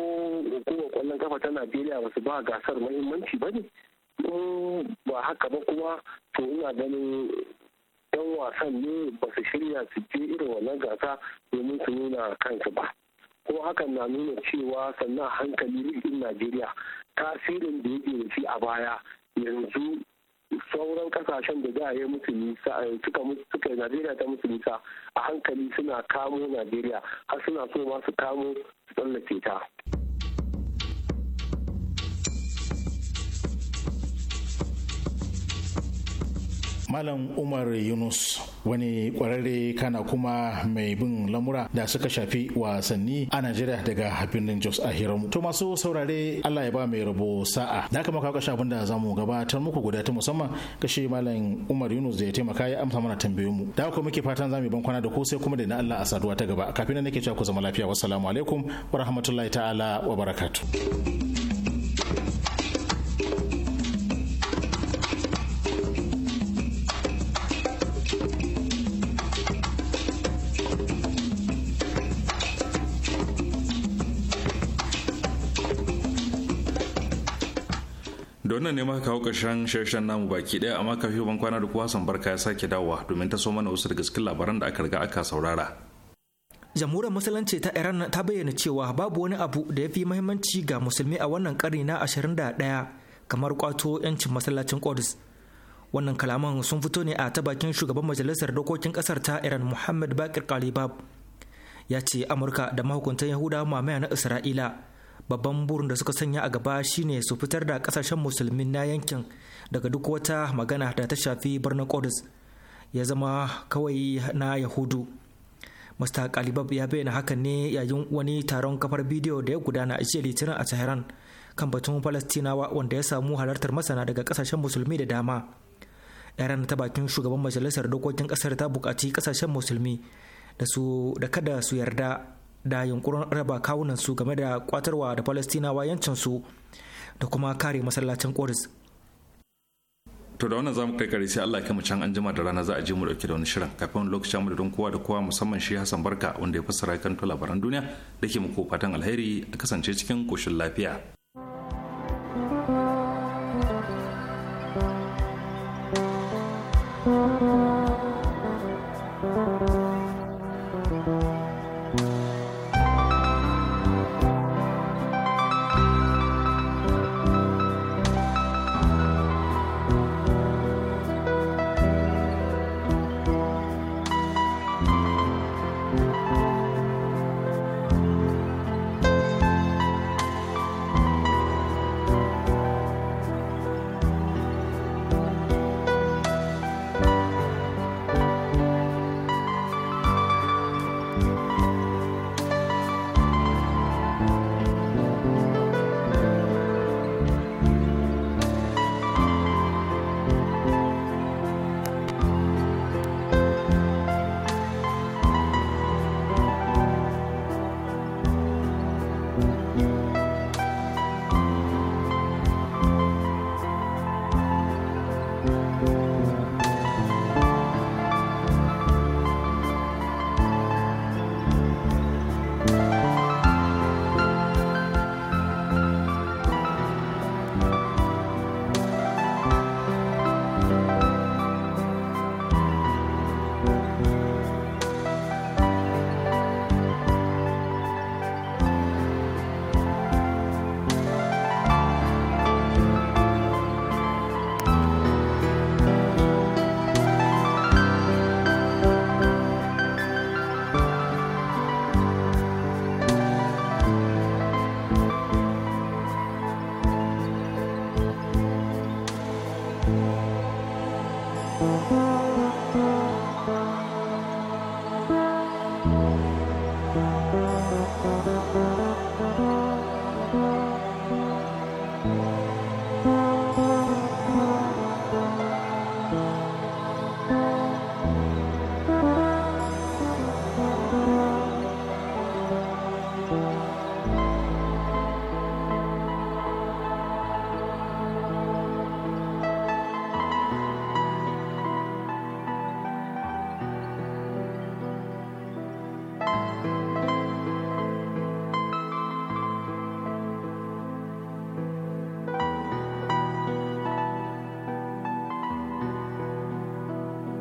hukumar kwallon kafa ta najeriya ba su ba gasar muhimmanci ba ne ba haka ba kuma to ina ganin yan wasan ne ba su shirya su je irin wannan gasa domin su nuna kansu ba ko hakan na nuna cewa sannan hankali rikin najeriya tasirin da yake da shi a baya yanzu sauran kasashen da za a yi musu nisa eh, suka suka najeriya ta musu nisa a hankali suna kamo najeriya har suna so ma kamo su tsallake ta malam umar yunus wani kwararre kana kuma mai bin lamura da suka shafi wasanni a najeriya daga birnin jos a hiramu to masu saurare allah ya ba mai rabo sa'a da kama kawo kashe abin da za mu gabatar muku guda ta musamman kashe malam umar yunus da ya taimaka ya amsa mana tambayoyin mu da kuma muke fatan za mu ban kwana da ku sai kuma da na allah a saduwa ta gaba kafin nan nake cewa ku zama lafiya wassalamu alaikum wa rahmatullahi ta'ala wa barakatuh wannan ne maka kawo ƙarshen sheshen namu baki daya amma kafin ban kwana da kuwa san barka ya sake dawowa domin ta so mana wasu daga cikin labaran da aka riga aka saurara. Jamhuriyar Musulunci ta Iran ta bayyana cewa babu wani abu da ya fi muhimmanci ga musulmi a wannan ƙarni na 21 kamar kwato 'yancin masallacin Qudus. Wannan kalaman sun fito ne a ta bakin shugaban majalisar dokokin kasar ta Iran Muhammad Bakir Kalibab. Ya ce Amurka da mahukuntan yahuda mamaya na Isra'ila babban burin da suka sanya a gaba shine su fitar da kasashen musulmi na yankin daga duk wata magana da ta shafi birnin Qudus ya zama kawai na Yahudu. Mr. Kalibab ya bayyana hakan ne yayin wani taron kafar bidiyo da ya gudana a jiya Litinin a Tehran kan batun Falastinawa wanda ya samu halartar masana daga kasashen musulmi da dama. yaran ta bakin shugaban majalisar dokokin kasar ta bukaci kasashen musulmi da su da kada su yarda da yunkurin raba kawunan su game da kwatarwa da Falastinawa yancin su da kuma kare masallacin ƙoris To da wannan zamu kai kare sai Allah ya mu can anjima da rana za a je mu dauke da wani shirin kafin lokacin mu da don kowa da kowa musamman shi Hassan Barka wanda ya fassara kan labaran duniya dake muku fatan alheri a kasance cikin koshin lafiya.